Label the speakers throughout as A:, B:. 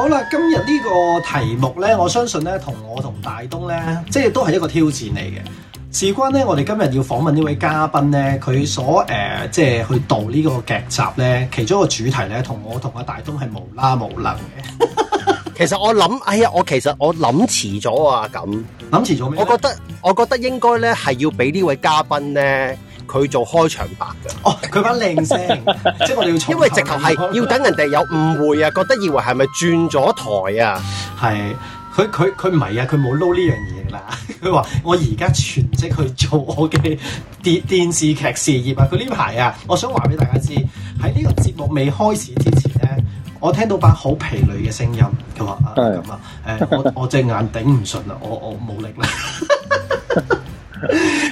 A: 好啦，今日呢個題目呢，我相信呢，同我同大東呢，即係都係一個挑戰嚟嘅。事關呢，我哋今日要訪問呢位嘉賓呢，佢所誒、呃、即係去導呢個劇集呢，其中一個主題呢，同我同阿大東係無啦無能嘅。其
B: 實我諗，哎呀，我其實我諗遲咗啊，咁諗遲咗咩？我覺得我覺得應該呢，係要俾呢位嘉賓呢。佢做開場白嘅。哦，佢把靚
A: 聲， 即係我哋要，因為直頭係要等人哋有誤會啊， 覺得以為係咪轉咗台啊？係，佢佢佢唔係啊，佢冇撈呢樣嘢啦。佢 話我而家全職去做我嘅電電視劇事業啊。佢呢排啊，我想話俾大家知喺呢個節目未開始之前咧，我聽到一把好疲累嘅聲音，佢話啊咁啊，誒，我我隻眼頂唔順啦，我我冇力啦。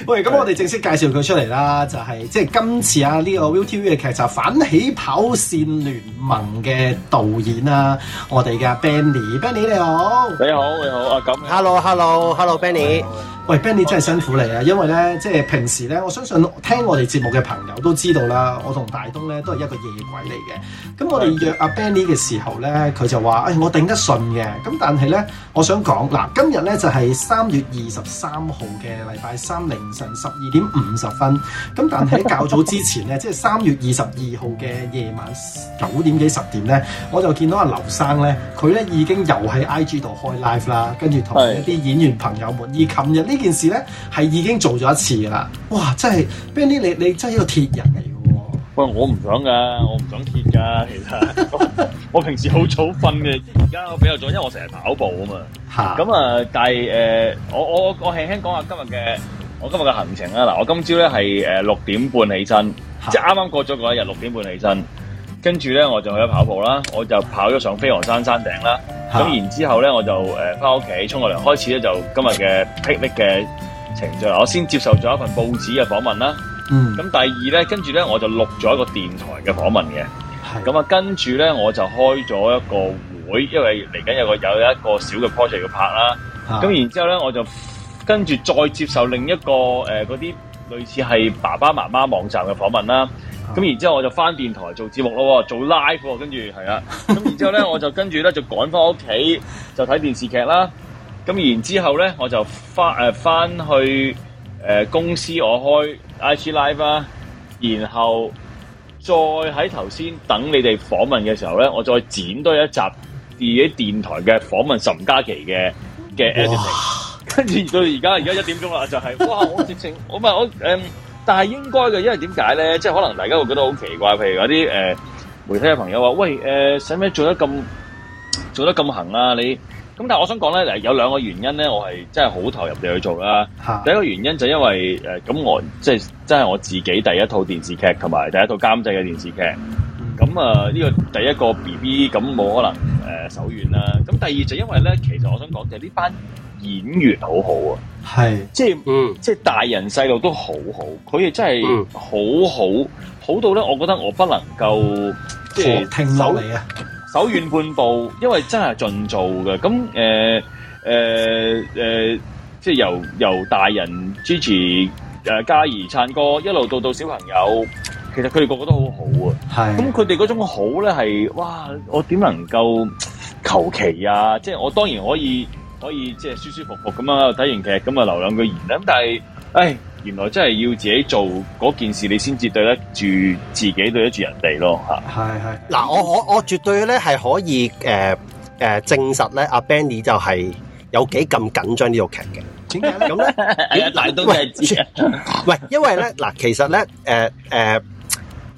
A: 喂，咁 我哋正式介紹佢出嚟啦，就係即係今次啊呢個 ViuTV 嘅劇集《反起跑線聯盟》嘅導演啦，我哋嘅 Benny，Benny 你好，你好你好啊咁，Hello Hello Hello Benny。喂，Benny 真係辛苦你啊！因為咧，即係平時咧，我相信聽我哋節目嘅朋友都知道啦。我同大東咧都係一個夜鬼嚟嘅。咁我哋約阿、啊、Benny 嘅時候咧，佢就話誒、哎、我頂得順嘅。咁但係咧，我想講嗱，今日咧就係三月二十三號嘅禮拜三凌晨十二點五十分。咁但係喺較早之前咧，即係三月二十二號嘅夜晚九點幾十點咧，我就見到阿、啊、劉生咧，佢咧已經又喺 IG 度開 live 啦，跟住同一啲演員朋友們，而琴日呢？這件事咧係已經做咗一次噶啦，哇！真係，Benny 你你真係一個鐵人嚟嘅喎。喂，我唔
C: 想噶，我唔想鐵噶，其實。 我,我平時好早瞓嘅，而家我比較早，因為我成日跑步啊嘛。吓。咁啊，但係誒、呃，我我我,我輕輕講下今日嘅，我今日嘅行程啊，嗱，我今朝咧係誒六點半起身， 即係啱啱過咗嗰一日六點半起身。跟住咧，我就去咗跑步啦，我就跑咗上飛鵝山山頂啦。咁、啊、然之後咧，我就誒翻屋企沖個涼。開始咧就今日嘅霹靂嘅程序。我先接受咗一份報紙嘅訪問啦。嗯。咁第二咧，跟住咧，我就錄咗一個電台嘅訪問嘅。係。咁啊，跟住咧，我就開咗一個會，因為嚟緊有個有一個小嘅 project 要拍啦。咁、啊、然之後咧，我就跟住再接受另一個誒嗰啲類似係爸爸媽媽網站嘅訪問啦。咁然之後我就翻電台做節目咯，做 live，跟住係啊。咁然之後咧，我就跟住咧就趕翻屋企就睇電視劇啦。咁然之後咧，我就翻誒翻去、呃、公司，我開 IG live 啦。然後再喺頭先等你哋訪問嘅時候咧，我再剪多一集自己電台嘅訪問岑嘉琪嘅嘅 editing。跟住到而家，而家一點鐘啦，就係、是、哇！我直情我咪我、嗯但係應該嘅，因為點解咧？即係可能大家會覺得好奇怪，譬如嗰啲誒媒體嘅朋友話，喂誒，使、呃、咩做得咁做得咁行啊？你咁，但係我想講咧，有兩個原因咧，我係真係好投入地去做啦。哈第一個原因就因為誒，咁、呃、我即係真係我自己第一套電視劇同埋第一套監製嘅電視劇。咁、嗯、啊，呢、呢個第一個 B B，咁冇可能誒手、呃、軟啦。咁第二就因為咧，其實我想講就係呢班演員好好啊。係，是即係，嗯、即係大人細路都好好，佢哋真係好好，嗯、好到咧，我覺得我不能夠、嗯、即係是停落嚟啊，手軟半步，因為真係盡做噶。咁誒，誒、呃，誒、呃呃，即係由由大人 Gigi 誒，家怡燦良，一路到到小朋友，其實佢哋個個都好好啊。係是，咁佢哋嗰種好咧，係哇，我點能夠求其啊？即係我當然可以。可以即係舒舒服服咁啊，睇完劇咁啊，留兩句言啦，咁但係，誒，原來真係要自己做嗰件事，你先至對得住自己，對得住人哋
B: 咯吓。係係。嗱我我我絕對咧係可以誒誒證實咧阿 Benny 就係有幾咁緊張呢套劇嘅。
A: 點解咧？咁咧？大家都係知
B: 嘅。喂，因為咧嗱，其實咧誒誒。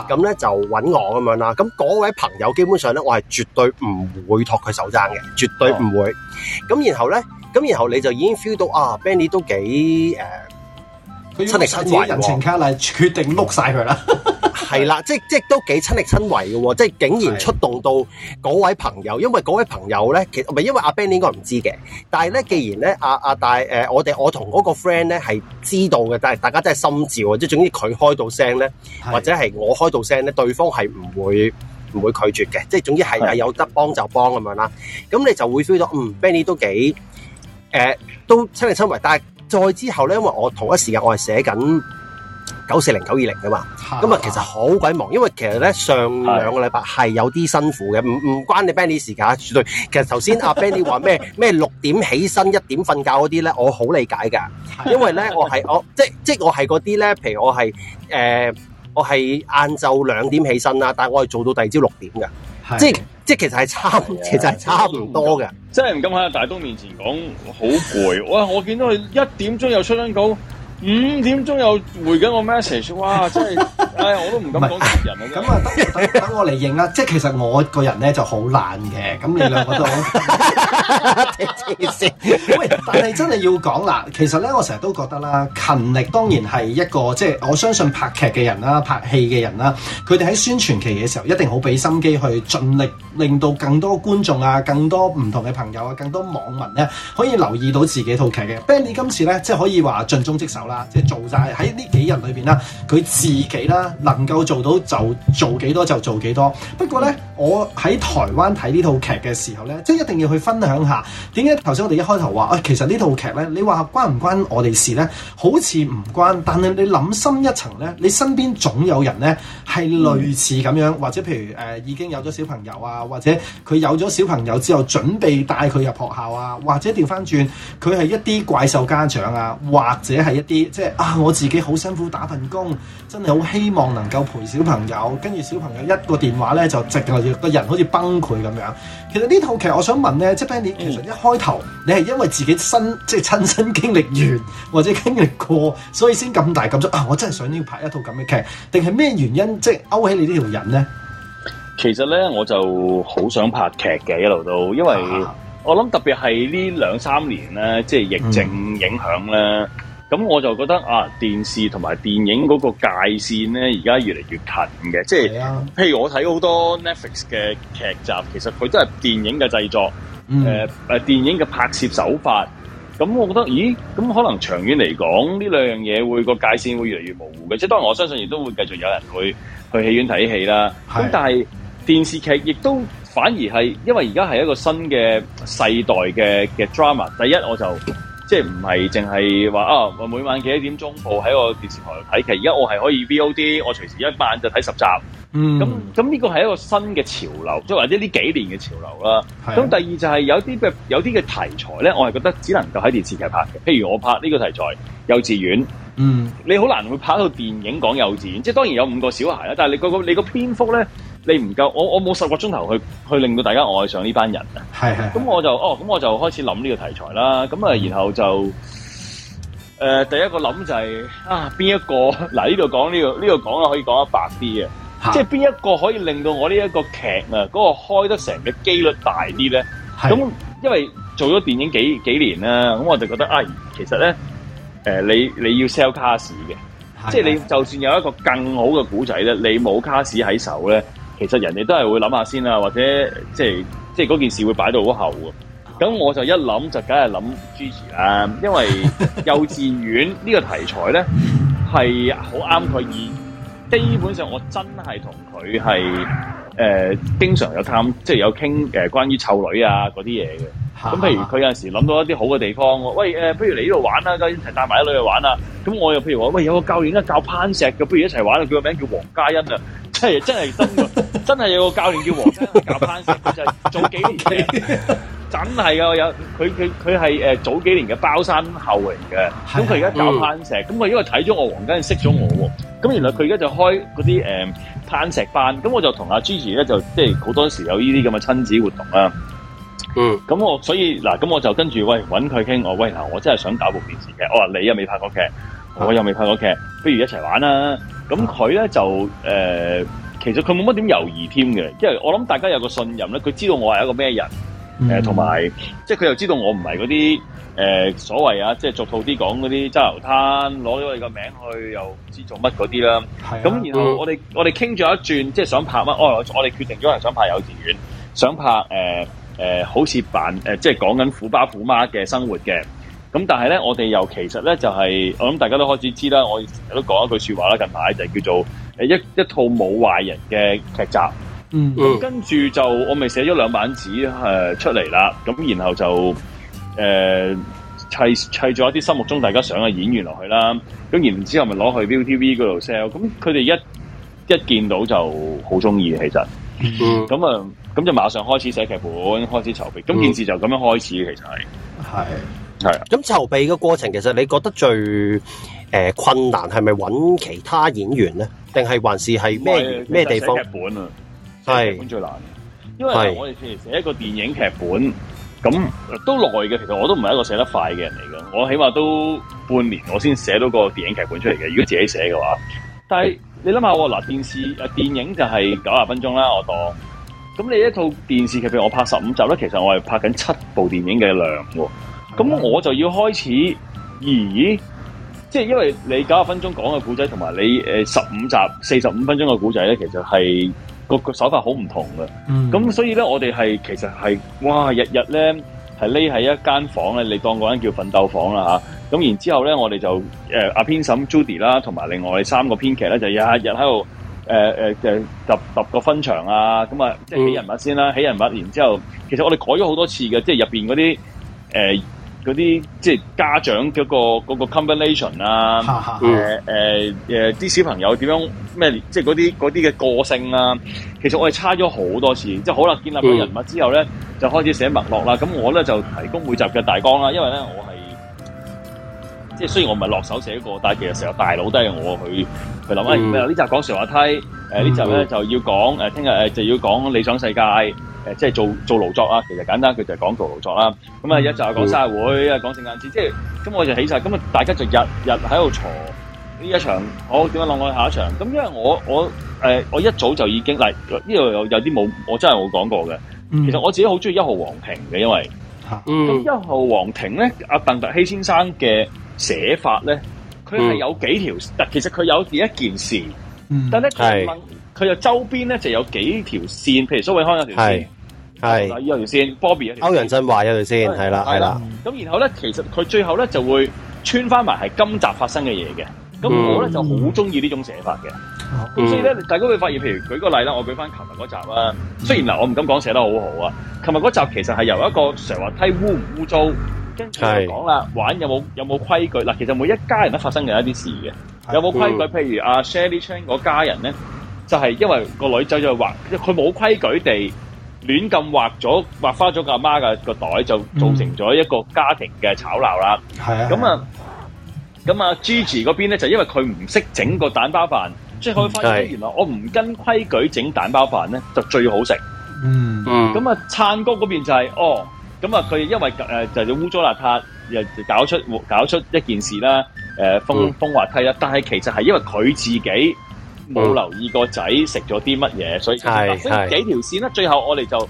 B: 咁呢就揾我咁樣啦，咁嗰位朋友基本上呢，我係絕對唔會托佢手踭嘅，絕對唔會。咁、嗯、然後呢，咁然後你就已經 feel 到啊，Benny 都幾誒。呃佢親力親為喎，人情
A: 卡，決定碌晒佢
B: 啦，係啦，即即都幾親力親為嘅喎，即係竟然出動到嗰位朋友，因為嗰位朋友咧，其實唔係因為阿 Benny 應該唔知嘅，但係咧，既然咧阿阿大誒，我哋我同嗰個 friend 咧係知道嘅，但係大家真係心照，即係總之佢開到聲咧，的或者係我開到聲咧，對方係唔會唔會拒絕嘅，即係總之係係的有得幫就幫咁樣啦，咁你就會 feel 到嗯，Benny 都幾誒、呃、都親力親為，但係，再之後咧，因為我同一時間我係寫緊九四零九二零㗎嘛，咁啊的其實好鬼忙，因為其實咧上兩個禮拜係有啲辛苦嘅，唔唔關你 Benny 事噶，絕對。其實頭先阿 Benny 話咩咩六點起身、一點瞓覺嗰啲咧，我好理解噶，因為咧我係我即即我係嗰啲咧，譬如我係誒、呃、我係晏晝兩點起身啦，但係我係做到第二朝六點嘅，是的即。即係其實係差，Yeah. 其實係差唔多嘅。
C: 真係唔敢喺阿大東面前講好攰。哇！我見到佢一點鐘又出張稿。五點鐘又回緊個 message，哇！
A: 真係，唉，我都唔敢講人。咁是啊，等等我嚟應啦。即係其實我個人咧就好懶嘅。咁你兩個都 喂，但係真係要講啦。其實咧，我成日都覺得啦，勤力當然係一個，即係我相信拍劇嘅人啦、拍戲嘅人啦，佢哋喺宣傳期嘅時候一定好俾心機去盡力，令到更多觀眾啊、更多唔同嘅朋友啊、更多網民咧、啊、可以留意到自己套劇嘅。Benny 今次咧，即係可以話盡忠職守啦。啊！即係做晒，喺呢幾日裏邊啦，佢自己啦能夠做到就做幾多就做幾多。不過咧，我喺台灣睇呢套劇嘅時候咧，即係一定要去分享下點解頭先我哋一開頭話啊，其實這呢套劇咧，你話關唔關我哋事咧？好似唔關，但係你諗深一層咧，你身邊總有人咧係類似咁樣，或者譬如誒、呃、已經有咗小朋友啊，或者佢有咗小朋友之後準備帶佢入學校啊，或者調翻轉佢係一啲怪獸家長啊，或者係一啲。即係啊！我自己好辛苦打份工，真係好希望能夠陪小朋友。跟住小朋友一個電話咧，就直頭個人好似崩潰咁樣。其實呢套劇，我想問咧，即係你其實一開頭你係因為自己身即係親身經歷完或者經歷過，所以先咁大咁足啊！我真係想要拍一套咁嘅劇，定係咩原因即係勾起你這條人呢
C: 條人咧？其實咧，我就好想拍劇嘅，一路都因為我諗特別係呢兩三年咧，即係疫症影響咧。嗯咁我就覺得啊，電視同埋電影嗰個界線咧，而家越嚟越近嘅。即係、啊、譬如我睇好多 Netflix 嘅劇集，其實佢都係電影嘅製作，誒、嗯呃、電影嘅拍攝手法。咁我覺得，咦？咁可能長遠嚟講，呢兩樣嘢會、個界線會越嚟越模糊嘅。即係當然，我相信亦都會繼續有人去去戲院睇戲啦。咁、啊、但係電視劇亦都反而係，因為而家係一個新嘅世代嘅嘅 drama。Rama, 第一我就。即係唔係淨係話啊，我每晚幾多點鐘播喺個電視台度睇劇，而家我係可以 VOD，我隨時一晚就睇十集。嗯那，咁咁呢個係一個新嘅潮流，即係或者呢幾年嘅潮流啦。咁是的 第二就係有啲嘅有啲嘅題材咧，我係覺得只能夠喺電視劇拍嘅。譬如我拍呢個題材幼稚園，嗯，你好難會拍到電影講幼稚園。即係當然有五個小孩啦，但係你個個你個篇幅咧。你唔夠，我我冇十個鐘頭去去令到大家愛上呢班人啊！係係，咁我就哦，咁我就開始諗呢個題材啦。咁啊，然後就誒、呃，第一個諗就係、是係、啊，邊一個嗱？呢度講呢度呢度講啦，可以講得白啲嘅，係係即係邊一個可以令到我呢一個劇啊嗰個開得成嘅機率大啲咧？咁係係因為做咗電影幾，幾年啦，咁我就覺得啊、哎，其實咧、呃、你你要 sell cast 嘅，即係你就算有一個更好嘅古仔咧，你冇 cast 喺手咧。其實人哋都係會諗下先啊，或者即係即係嗰件事會擺到好後啊。咁我就一諗就梗係諗 Gigi 啦，因為幼稚園呢個題材咧係好啱佢。基本上我真係同佢係誒經常有探，即係有傾誒關於湊女啊嗰啲嘢嘅。咁譬如佢有陣時諗到一啲好嘅地方，喂誒、呃，不如嚟呢度玩啦、啊，咁一齊帶埋啲女去玩啦、啊。咁我又譬如話，喂有個教練咧、啊、教攀石嘅，不如一齊玩啊。佢個名叫黃嘉欣啊。 真係真係真啊！有個教練叫黃生去教攀石，佢就係早幾年的真係噶，有佢佢佢係誒早幾年嘅包山後嚟嘅，咁佢而家教攀石，咁佢、嗯、因為睇咗我黃生識咗我喎，咁原來佢而家就開嗰啲誒攀石班，咁我就同阿 Gigi 咧就即係好多時有呢啲咁嘅親子活動啦。嗯，咁我所以嗱，咁我就跟住喂，搵佢傾，我喂嗱，我真係想搞部電視劇。我話你又未拍過劇，嗯、我又未拍過劇，不如一齊玩啦。咁佢咧就誒、呃，其實佢冇乜點猶豫添嘅，因為我諗大家有個信任咧，佢知道我係一個咩人，誒、嗯，同埋、呃、即係佢又知道我唔係嗰啲誒所謂啊，即係俗套啲講嗰啲渣流攤，攞咗我哋個名去又唔知做乜嗰啲啦。係咁、嗯，然後我哋、嗯、我哋傾咗一轉，即係想拍乜、哦？我我哋決定咗係想拍幼稚園，想拍誒。呃誒、呃，好似扮誒，即係講緊虎爸虎媽嘅生活嘅，咁但係咧，我哋又其實咧就係、是，我諗大家都開始知、呃 mm hmm. 呃、啦。我成日都講一句說話啦，近排就叫做誒一一套冇壞人嘅劇集，嗯，跟住就我咪寫咗兩版紙誒出嚟啦，咁然後就誒砌砌咗一啲心目中大家想嘅演員落去啦，咁然之後咪攞去 Viu TV 嗰度 sell，咁佢哋一一見到就好中意，其實，嗯、mm，咁、hmm. 啊、呃。咁就馬上開始寫劇
B: 本，開始籌備。咁件事就咁樣開始，嗯、其實係係係。咁籌的的備嘅過程，其實你覺得最誒、呃、困難係咪揾其他演員咧？定係還是係咩咩地方？寫劇本啊，係劇本最難的因為我哋
C: 寫一個電影劇本咁的都耐嘅。其實我都唔係一個寫得快嘅人嚟嘅，我起碼都半年我先寫到個電影劇本出嚟嘅。 如果自己寫嘅話，但係你諗下嗱，電視誒電影就係九十分鐘啦，我當。咁你一套電視劇，譬如我拍十五集咧，其實我係拍緊七部電影嘅量喎。咁我就要開始，咦？即係因為你九十分鐘講嘅古仔，同埋你誒十五集四十五分鐘嘅古仔咧，其實係個個手法好唔同嘅。咁、嗯、所以咧，我哋係其實係哇，日日咧係匿喺一間房咧，你當嗰間叫奮鬥房啦吓。咁、啊、然之後咧，我哋就誒阿編審 Judy 啦，同、呃、埋另外三個編劇咧，就日日喺度。誒誒誒揼揼個分場啊！咁啊，即係起人物先啦，起人物然，然之後其實我哋改咗好多次嘅，即係入邊啲誒啲，即係家長、嗰個嗰個 combination 啊，誒誒誒啲小朋友點樣咩，即係啲啲嘅個性啊，其實我哋差咗好多次。即係好啦，建立咗人物之後咧， 就開始寫脈絡啦。咁我咧就提供每集嘅大綱啦，因為咧我係。即係雖然我唔係落手寫過，但係其實成個大佬都係我去去諗啊。咁啊呢集講瀡滑梯，誒呢、嗯、集咧就要講誒聽日誒就要講理想世界，誒即係做做勞作啊。其實簡單講，佢就係講做勞作啦。咁啊一集係講生日會，啊講聖誕節，即係咁我就起晒，咁啊大家就日日喺度坐呢一場。好，我點樣落去下一場？咁因為我我誒我一早就已經嚟呢度有有啲冇我真係冇講過嘅。嗯、其實我自己好中意一號皇庭嘅，因為咁、嗯、一號皇庭咧阿鄧特希先生嘅。寫法咧，佢係有幾條，嗱其實佢有幾一件事，
B: 但係
C: 佢又周邊咧就有幾條線，譬如蘇永康有條線，係有條線，Bobby 有條線，歐陽震華有條線，係啦，係啦，咁然後咧，其實佢最後咧就會穿翻埋係今集發生嘅嘢嘅，咁我咧就好中意呢種寫法嘅，咁所以咧，大家會發現，譬如舉個例啦，我舉翻琴日嗰集啦，雖然嗱，我唔敢講寫得好好啊，琴日嗰集其實係由一個蛇滑梯污唔污糟。跟住就講啦，是玩有冇有冇規矩？嗱，其實每一家人都發生嘅一啲事嘅，有冇規矩？的譬如阿、啊、Shirley Chan 嗰家人咧，就係、是、因為個女走去畫，佢冇規矩地亂咁畫咗畫花咗個阿媽嘅個袋，就造成咗一個家庭嘅吵鬧啦。係啊，咁啊，咁 Gigi 嗰邊咧就因為佢唔識整個蛋包飯，即係佢發現原來我唔跟規矩整蛋包飯咧就最好食。的嗯，
A: 咁
C: 啊、嗯，燦哥嗰邊就係、是、哦。咁啊，佢因為誒、呃、就係污糟邋遢，又搞出搞出一件事啦。誒風風滑梯啦。但係其實係因為佢自己冇留意個仔食咗啲乜嘢，嗯、所以係幾幾條線啦。最後我哋就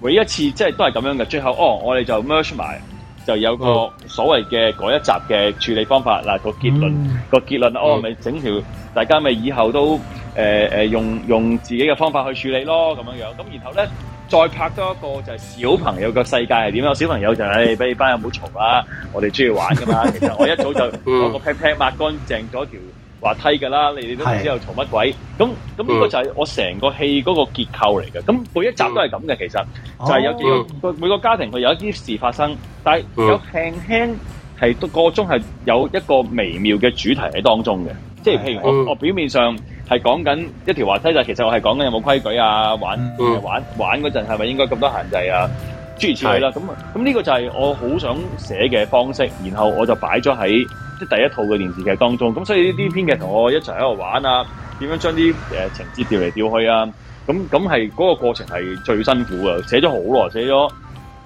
C: 每一次即係都係咁樣嘅。最後哦，我哋就 merge 埋，就有個所謂嘅嗰一集嘅處理方法。嗱、嗯、個結論、嗯、個結論哦，咪整條、嗯、大家咪以後都誒、呃、用用自己嘅方法去處理咯咁樣樣。咁然後咧。再拍多一個就係小朋友嘅世界係點？有小朋友就係，俾你班友唔好嘈啦，我哋中意玩㗎嘛。其實我一早就個劈劈抹乾淨咗條滑梯㗎啦，你哋都唔知又嘈乜鬼。咁咁呢個就係我成個戲嗰個結構嚟嘅。咁每一集都係咁嘅，其實就係有幾個個每個家庭佢有一啲事發生，但係有輕輕係個中係有一個微妙嘅主題喺當中嘅，即係譬如我我表面上。係講緊一條滑梯，就，其實我係講緊有冇規矩啊，玩、嗯、玩玩嗰陣係咪應該咁多限制啊？諸如此類啦，咁啊的，咁呢個就係我好想寫嘅方式，然後我就擺咗喺即係第一套嘅電視劇當中，咁所以呢啲編劇同我一齊喺度玩啊，點樣將啲誒情節調嚟調去啊，咁咁係嗰個過程係最辛苦噶，寫咗好耐，寫咗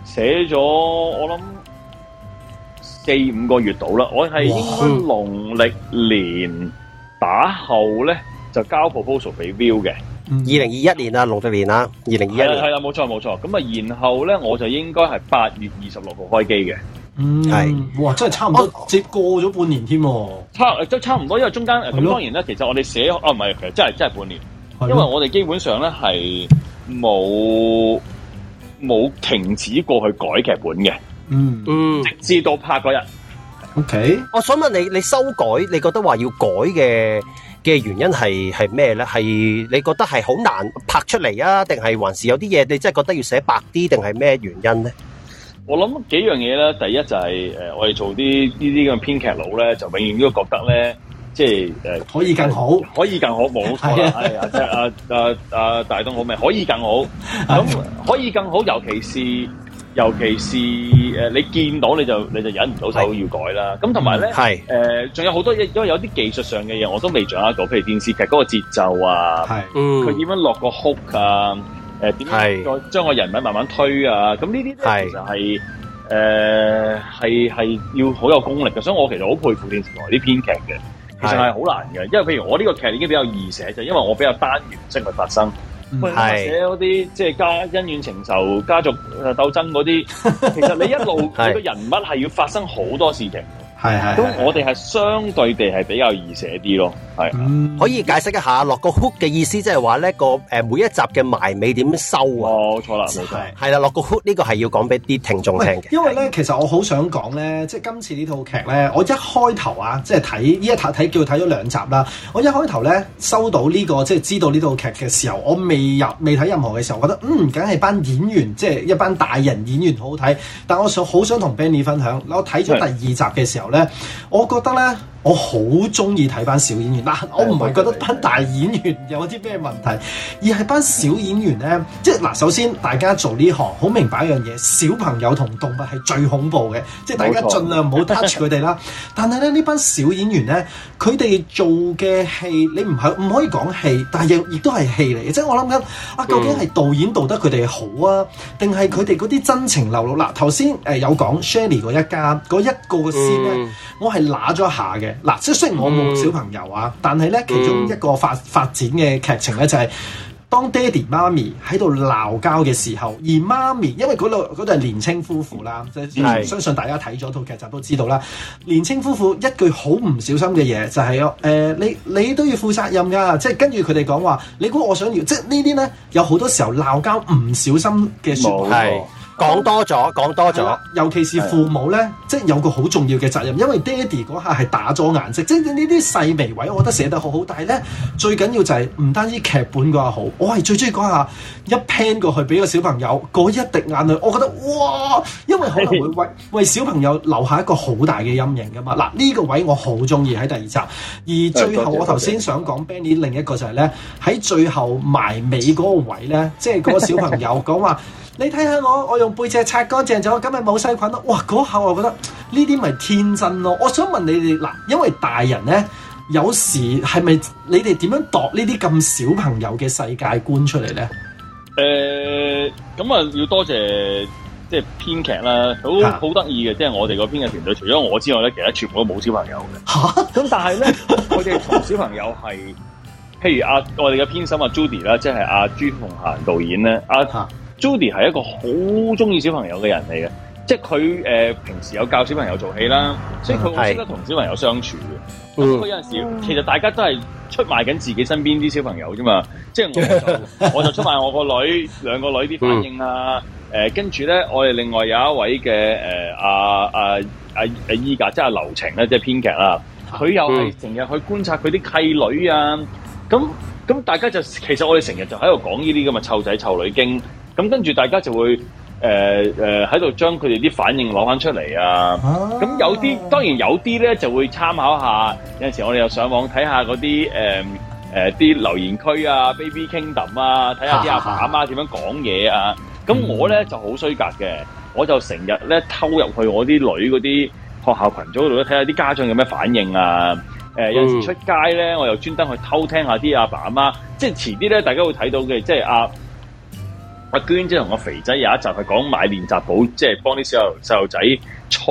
C: 寫咗我諗四五個月度啦，我係應該農曆年打後咧。就交
B: proposal 俾 Viu 嘅，二零二一年啦，六十年啦，二零二一年係啦，
C: 冇錯冇錯。咁啊，啊然後咧，我就應該係八月二十
B: 六號開機嘅。嗯，
A: 係是哇，真係差唔多，接、啊、過咗半年添，
C: 差都差唔多個中間，因為中間咁當然啦。啊、其實我哋寫，啊唔係，其實真係真係半年，啊、因為我哋基本上咧係
A: 冇冇
C: 停止過去改劇本嘅。嗯嗯，直至到拍嗰日。
B: O Okay ? K，我想問你，你修改，你覺得話要改嘅？嘅原因係係咩咧？係你覺得係好難拍出嚟啊？定係還是有啲嘢你真係覺得要寫白啲？定係咩原因咧？
C: 我諗幾樣嘢啦。第一就係誒，我哋做啲呢啲咁嘅編劇佬咧，就永遠都覺得咧，即係誒可以更好，可以更好冇錯啦。係啊，即係啊啊啊大東好咩？可以更好，咁可以更好，尤其是。尤其是誒、呃，你見到你就你就忍唔到手要改啦。咁同埋咧，誒，仲有好是、呃、多嘢，因為有啲技術上嘅嘢我都未掌握到，譬如電視劇嗰個節奏啊，佢點是樣落個 hook 啊，點樣再將個人物慢慢推啊。咁是呢啲咧是其實係誒係係要好有功力嘅，所以我其實好佩服電視台啲編劇嘅，其實係好難嘅。是因為譬如我呢個劇已經比較易寫，就因為我比較單元式去發生。或者寫嗰啲即係家恩怨情仇、家族誒、呃、鬥爭嗰啲， 其實你一路是你個人物係要發生好多事情。
A: 係，咁我
B: 哋係相對地係比較易寫啲咯，係。可以解釋一下落個 hook 嘅意思，即係話咧個誒每一集嘅埋尾點收啊？哦，冇錯啦，冇錯啊。係啦，落個 hook 呢個係要講俾啲聽眾聽嘅。
A: 因為咧，的其實我好想講咧，即係今次呢套劇咧，我一開頭啊，即係睇呢一集睇叫睇咗兩集啦。我一開頭咧收到呢個即係知道呢套劇嘅時候，我未入未睇任何嘅時候，我覺得嗯，梗係班演員即係一班大人演員好睇。但我想好想同 Benny 分享，我睇咗第二集嘅時候我覺得呢，Uh, oh, 我好中意睇班小演員，但我唔係覺得班大演員有啲咩問題，而係班小，小，沒錯 小演員呢。即係嗱，首先大家做呢行好明白一樣嘢，小朋友同動物係最恐怖嘅，即係大家盡量唔好 touch 佢哋啦。但係咧呢班小演員呢，佢哋做嘅戲，你唔係唔可以講戲，但亦都係戲嚟嘅，即係我諗緊啊，究竟係導演導得佢哋好啊，定係佢哋嗰啲真情流露？嗱，頭先誒有講 Sherry 嗰一家嗰一個先呢，我係揦咗下嘅。嗱，即雖然我冇小朋友啊，嗯、但係咧其中一個發，發展嘅劇情咧、嗯、就係當爹哋媽咪喺度鬧交嘅時候，而媽咪因為嗰度嗰對年青夫婦啦，嗯、相信大家睇咗套劇集都知道啦。是年青夫婦一句好唔小心嘅嘢就係、是呃、你你都要負責任㗎，即、就、係、是、跟住佢哋講話，你估我想要即係呢啲咧有好多時候鬧交唔小心嘅説講多咗，講多咗，尤其是父母呢，的即係有個好重要嘅責任，因為爹哋嗰下係打咗眼色，即係呢啲細微位，我覺得寫得好好。嗯、但係呢，最緊要就係唔單止劇本嗰下好，我係最中意下一 pan 過去俾個小朋友嗰一滴眼淚，我覺得哇，因為可能會為的為小朋友留下一個好大嘅陰影噶嘛。嗱，呢、呢個位我好中意喺第二集，而最後、嗯、我頭先想講 Benny 另一個就係、是、呢，喺最後埋尾嗰個位呢，即係嗰個小朋友講話。 你睇下我，我用背脊擦乾淨咗，咁咪冇細菌咯。哇，嗰下我覺得呢啲咪天真咯。我想問你哋嗱，因為大人咧有時係咪你哋點樣度呢啲咁小朋友嘅世界觀出嚟咧？
C: 誒、呃，咁啊要多謝即係編劇啦，好好得意嘅，即係、啊就是、我哋個編劇團隊，除咗我之外咧，其他全部都冇小朋友嘅。吓咁、啊，但係咧，我哋同小朋友係， 譬如阿、啊、我哋嘅編審阿、啊、Judy 啦、啊，即係阿朱紅嫻導演咧，阿、啊。啊 Judy 係一個好中意小朋友嘅人嚟嘅，即係佢誒平時有教小朋友做戲啦，所以佢好識得同小朋友相處嘅。嗯的，有陣時其實大家都係出賣緊自己身邊啲小朋友啫嘛，即係我就 我就出賣我個女兩個女兩個女啲反應啊，誒、 呃，跟住咧我哋另外有一位嘅誒阿阿阿阿 Ega 即係劉程咧，即係編劇啦，佢又係成日去觀察佢啲契女啊，咁咁大家就其實我哋成日就喺度講呢啲咁嘅湊仔湊女經。咁跟住大家就會誒喺度將佢哋啲反應攞翻出嚟啊！咁有啲當然有啲咧就會參考下有時我哋又上網睇下嗰啲誒啲留言區啊、Baby Kingdom 啊，睇下啲阿爸阿媽點樣講嘢啊！咁我咧就好衰格嘅，我就成日咧偷入去我啲女嗰啲學校群組嗰度睇下啲家長有咩反應啊、嗯呃！有時出街咧，我又專登去偷聽一下啲阿爸阿媽，即係遲啲咧，大家會睇到嘅，即係阿娟即係同個肥仔有一集係講買練習簿，即係幫啲小細路仔操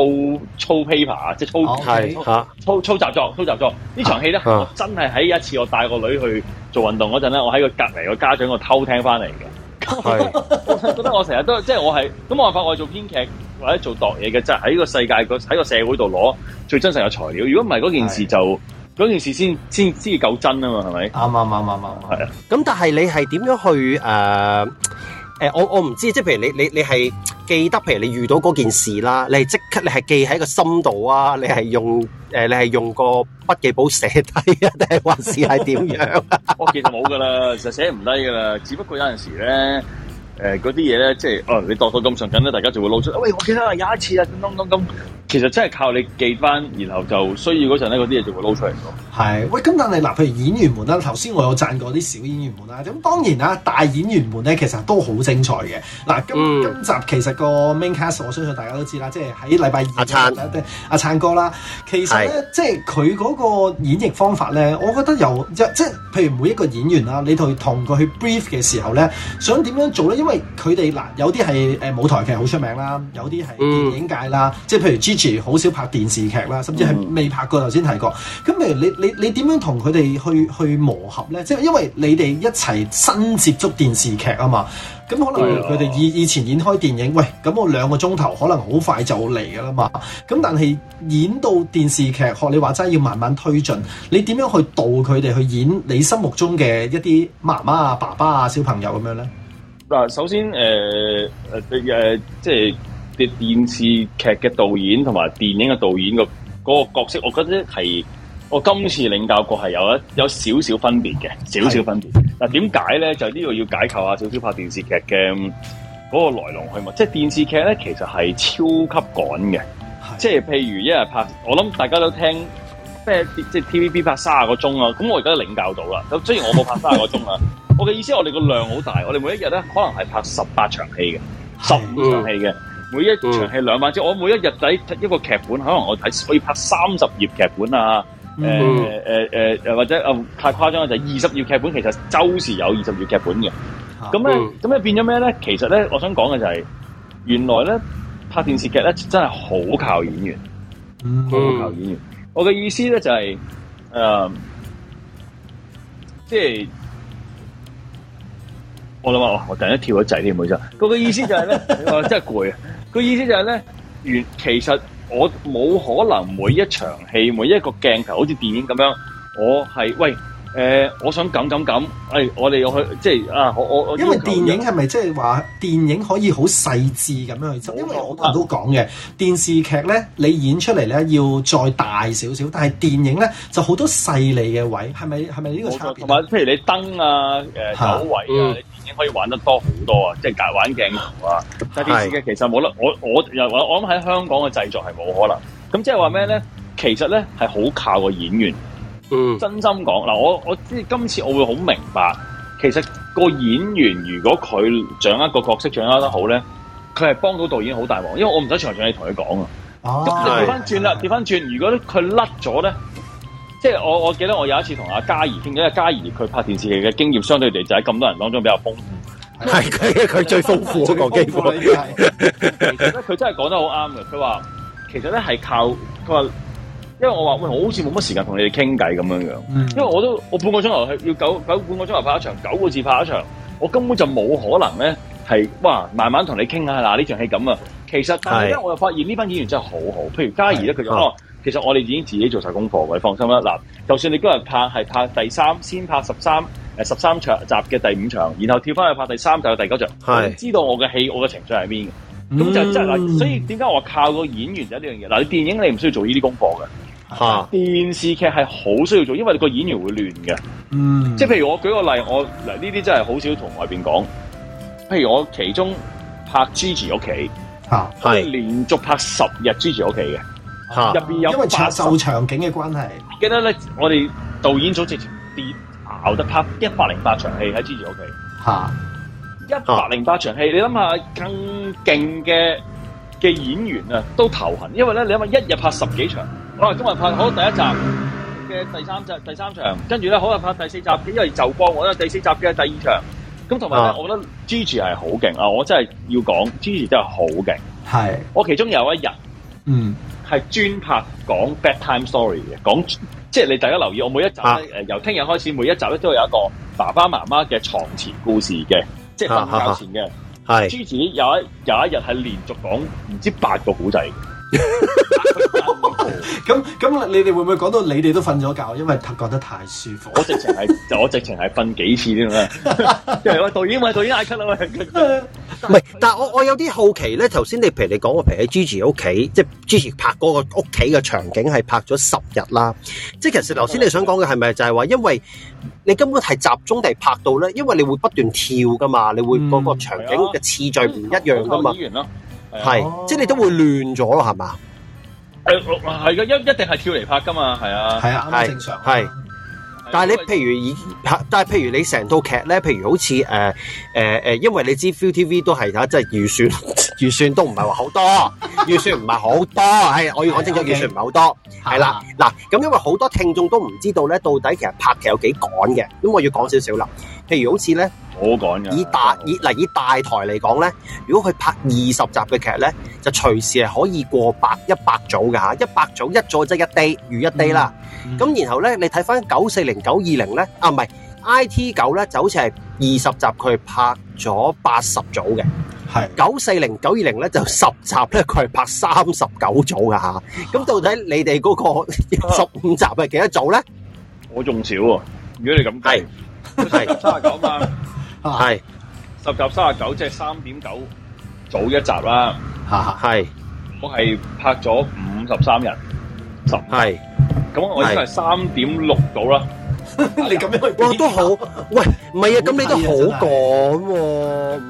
C: 操 paper，即係操操操習作，操習作呢場戲咧，我真係喺一次我帶個女去做運動嗰陣咧，我喺個隔籬個家長度偷聽翻嚟
B: 嘅。
C: 我覺得我成日都即係我係咁冇辦法，我做編劇或者做度嘢嘅，即係喺個世界個喺個社會度攞最真實嘅材料。如果唔係嗰件事就嗰件事先先先至夠真啊嘛，係咪？啱啱啱啱啱係
B: 啊！咁但係你係點樣去誒？誒我我唔知，即係譬如你你你係記得，譬如你遇到嗰件事啦，你係即刻你係記喺個心度啊，你係用誒你係用個筆記簿寫低啊，定係還是係點樣？ 我其實冇
C: 噶啦，其實寫唔低噶啦，只不過有陣時咧。誒嗰啲嘢咧，即係哦，你度到咁上緊咧，大家就會撈出。喂，我記得啊，有一次啊，咁咁咁。其實真係靠你記翻，然後就需要嗰陣咧，嗰啲嘢就會撈出嚟咯。
A: 係，喂，咁但係嗱，譬如演員們啦，頭先我有讚過啲小演員們啦，咁當然啦，大演員們咧其實都好精彩嘅。嗱，今、嗯、今集其實個 main cast，我相信大家都知啦，即係喺禮拜二阿燦燦阿燦哥啦，其實咧，是即係佢嗰個演繹方法咧，我覺得有即即係譬如每一個演員啊，你同同佢去 brief 嘅時候咧，想點樣做咧？因為佢哋嗱，有啲係誒舞台劇好出名啦，有啲係電影界啦，即係、嗯、譬如 Gigi 好少拍電視劇啦，甚至係未拍過，頭先提過。咁、嗯、譬如你你你點樣同佢哋去去磨合呢？即係因為你哋一齊新接觸電視劇啊嘛，咁可能佢哋以以前演開電影，嗯、喂，咁我兩個鐘頭可能好快就嚟㗎喇嘛。咁但係演到電視劇，學你話齋要慢慢推進，你點樣去導佢哋去演你心目中嘅一啲媽媽啊、爸爸啊、小朋友咁樣呢？
C: 嗱，首先誒誒誒，即係啲電視劇嘅導演同埋電影嘅導演嘅嗰個角色，我覺得係我今次領教過係有一有少少分別嘅，少少分別。嗱，點解咧？就呢個要解構下少少拍電視劇嘅嗰個來龍去脈。即係電視劇咧，其實係超級趕嘅。是的 即係譬如一日拍，我諗大家都聽咩？即係 TVB 拍卅個鐘啊！咁我而家領教到啦。咁雖然我冇拍卅個鐘啊。 我嘅意思，我哋個量好大，我哋每一日咧可能係拍十八場戲嘅，十五是場戲嘅，嗯、每一場戲兩版紙，我每一日睇一個劇本，可能我睇可以拍三十頁劇本啊，誒誒誒，或者啊、呃、太誇張就係二十頁劇本，其實周時有二十頁劇本嘅。
A: 咁咧、啊，
C: 咁咧、嗯、變咗咩咧？其實咧，我想講嘅就係、是、原來咧拍電視劇咧真係好靠演員，
A: 好、嗯、靠
C: 演員。嗯、我嘅意思咧就係、是、誒，即、呃、係。就是我諗下，我突然間跳咗掣添，冇錯。佢嘅意思就係咧， 真係攰啊！佢、那個，意思就係咧，原其實我冇可能每一場戲，每一個鏡頭，好似電影咁樣，我係喂誒、呃，我想咁咁咁，係、哎、我哋要去即係啊，我我因為
A: 電影係咪即係話電影可以好細緻咁樣去執？嗯、因為我同佢都講嘅電視劇咧，你演出嚟咧要再大少少，但係電影咧就好多細膩嘅位，係咪係咪呢個差
C: 別啊？譬如你燈啊，誒、呃，走位啊。嗯已經可以玩得多好多啊！即係夾玩鏡頭啊，但係電視劇其實冇得我我又我諗喺香港嘅製作係冇可能。咁即係話咩咧？其實咧係好靠個演員。嗯，真心講嗱，我我即係今次我會好明白，其實個演員如果佢掌握個角色掌握得好咧，佢係幫到導演好大忙。因為我唔使長長久同佢講啊。
A: 咁你調翻
C: 轉啦，調翻轉。如果佢甩咗咧？即係我我記得我有一次同阿家怡傾，因為家怡佢拍電視劇嘅經驗相對地就喺咁多人當中比較豐富，
B: 豐富，係佢佢最豐富個幾乎。其實咧，
C: 佢真係講得好啱嘅。佢話其實咧係靠佢話，因為我話喂，我好似冇乜時間同你哋傾偈咁樣樣，因為我都我半個鐘頭係要九九半個鐘頭拍一場，九個字拍一場，我根本就冇可能咧係哇慢慢同你傾下嗱呢場戲咁啊。其實但係咧是的 我又發現呢班演員真係好好，譬如家怡咧佢就。的說其實我哋已經自己做晒功課，你放心啦。嗱，就算你今日拍係拍第三，先拍十三誒、呃、十三場集嘅第五場，然後跳翻去拍第三集嘅第九場，是你知道我嘅戲我嘅情緒係邊嘅。咁、嗯、就真嗱、就是，所以點解我靠個演員就一樣嘢？嗱，你電影你唔需要做呢啲功課嘅，啊、電視劇係好需要做，因為你個演員會亂嘅。嗯，即係譬如我舉個例，我嗱呢啲真係好少同外邊講。譬如我其中拍 Gigi 屋企吓，係、啊、連續拍十日 Gigi 屋企嘅。入邊
A: 有80，因為拍攝場景嘅關
C: 係，記得咧，我哋導演組直接點熬得拍一百零八場戲喺 Gigi 屋企。吓、啊，一百零八場戲，你諗下更勁嘅嘅演員啊，都頭痕，因為咧，你諗下，一日拍十幾場，我話今日拍好第一集嘅第三集、嗯、第，第三場，跟住咧好啊拍第四集，因為就光，我覺得第四集嘅第二場，咁同埋咧，啊、我覺得 Gigi 係好勁啊！我真係要講 Gigi 真係好勁。係是，我其中有一日，嗯。係專拍講 bedtime story 嘅，講即係你大家留意，我每一集咧，誒，由聽日開始，每一集咧都有一個爸爸媽媽嘅床前故事嘅，即係瞓覺前嘅。係 Gigi 有一有一日係
A: 連續講唔知八個古仔。咁咁你哋會唔會講到你哋都瞓咗覺？因為太覺得太舒服。
C: 我直情係，我直情係瞓幾次
B: 添啊！
A: 因為我導演，喂導演，嗌佢啦喂。唔係，但係我我有啲好奇
B: 咧。頭先你譬如你講個譬如喺 Gigi 屋企，即係 Gigi 拍嗰個屋企嘅場景係拍咗十日啦。即係其實頭先你想講嘅係咪就係話，因為你根本係集中地拍到咧，因為你會不斷跳噶嘛，你會嗰個場景嘅次序唔一樣噶嘛。演、嗯啊嗯、員
C: 咯，
B: 係、啊，啊哦、即係你都會亂咗咯，係嘛？係，一一定係跳嚟拍噶嘛，係啊，係啊，係正常，係。但係你譬如拍，但係譬如你成套劇咧，譬如好似誒誒因為你知 ViuTV 都係即係預算 預算都唔係話好多， 預算唔係好多，係、哎、我要講清楚，對預算唔係好多，係啦嗱，咁因為好多聽眾都唔知道咧，到底其實拍劇有幾趕嘅，咁我要講少少啦。譬如好似咧，我講嘅以大以嗱以大台嚟講咧，如果佢拍二十集嘅劇咧，就隨時係可以過百一百組㗎嚇，一百組一組即係一 day 如一 day 啦。咁然後咧，你睇翻九四零九二零咧，啊唔係 IT 九咧就好似係二十集佢係拍咗八十組嘅，係九四零九二零咧就十集咧佢係拍三十九組㗎嚇。咁到底你哋嗰個十五集係幾多組咧？我仲少喎，
C: 如果你咁計。係三十九嘛？係十集三十九，即係三點九組一集啦。係我係拍咗五十三日，十集咁，我先係三點六組啦。
A: 你咁樣哇都好，喂，
B: 唔係啊，咁你都好趕喎，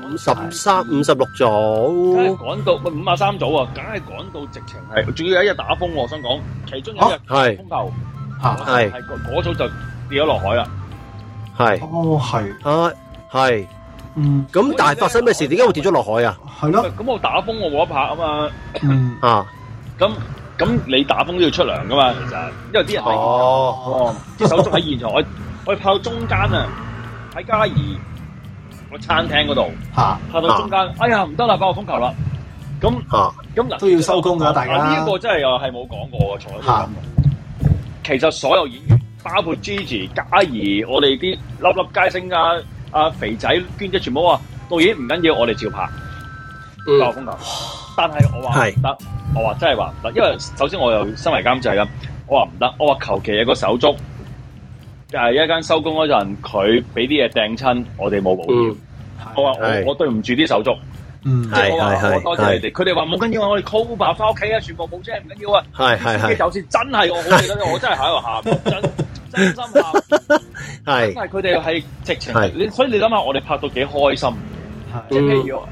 B: 五十三五十六組，梗係
C: 趕到五啊三組啊，梗係趕到直情係，仲要有一日打風，我想講，其中有一日係風頭吓係，係嗰組就跌咗落海啦。
B: 係，哦係，啊係，嗯，咁但係發生咩事？點解會跌咗落海啊？係
C: 咯，咁我打風我冇得拍啊嘛，啊，咁咁你打風都要出糧噶嘛，其實，因為啲人哦，啲手足喺現場，我我拍到中間啊，喺家怡個餐廳嗰度，
A: 吓，拍到中
C: 間，哎呀唔得啦，爆個風球啦，
A: 咁，咁都要收工噶，大家，呢個
C: 真係又係冇講過坐喺度諗，其實所有演員。包括 Gigi、假如我哋啲粒粒皆星啊，阿肥仔捐咗全部啊，導演唔緊要，我哋照拍。嗯。但係我話唔得，我話真係話唔得，因為首先我又身為監製啦，我話唔得，我話求其有個手足，就係一間收工嗰陣，佢俾啲嘢掟親，我哋冇保險，我話我對對唔住啲手足。嗯，
A: 係係係。多謝你哋，
C: 佢哋話冇緊要啊，我哋 cover 翻屋企啊，全部冇啫，唔緊要啊。係係係。即使真係我，我真係喺度喊。真心話係，深深 但係佢哋係直情，你 所以你諗下，我哋拍到幾開心，係，咁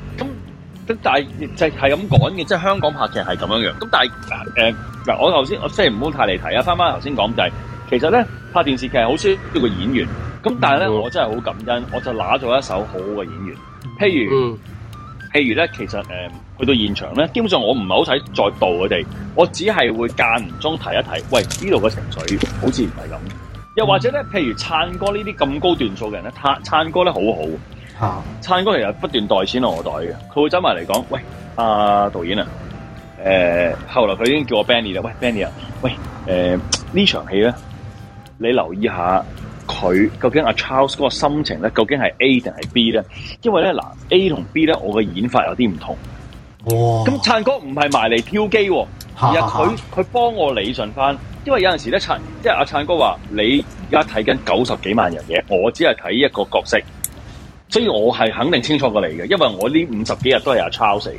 C: 咁但係即係就係咁講嘅，即係香港拍劇係咁樣樣。咁但係誒嗱，我頭先我雖然唔好太離題啊，翻翻頭先講就係、是，其實咧，拍電視劇好需要個演員。咁但係咧， 我真係好感恩，我就揦咗一手好好嘅演員，譬如 譬如咧，其實誒去、呃、到現場咧，基本上我唔係好睇再導佢哋，我只係會間唔中提一提，喂，呢度個情緒好似唔係咁。又或者咧，譬如燦哥，哥呢啲咁高段數嘅人咧，燦燦哥咧好好，燦、啊、哥其實不斷代錢落我袋嘅，佢會走埋嚟講：喂，阿、啊、導演啊，誒、呃，後來佢已經叫我 Benny 啦，喂 Benny 啊，喂，誒、呃，場戲，呢場戲咧，你留意下佢究竟阿 Charles 嗰個心情咧，究竟係 A 定係 B 咧？因為咧嗱、呃，A 同 B 咧，我嘅演法有啲唔同。
A: 哇、哦！咁
C: 燦哥唔係埋嚟挑機，其實佢佢幫我理順翻。因為有陣時咧，燦即係阿燦哥話：你而家睇緊九十幾萬樣嘢，我只係睇一個角色，所以我係肯定清楚過你嘅。因為我呢五十幾日都係阿抄死，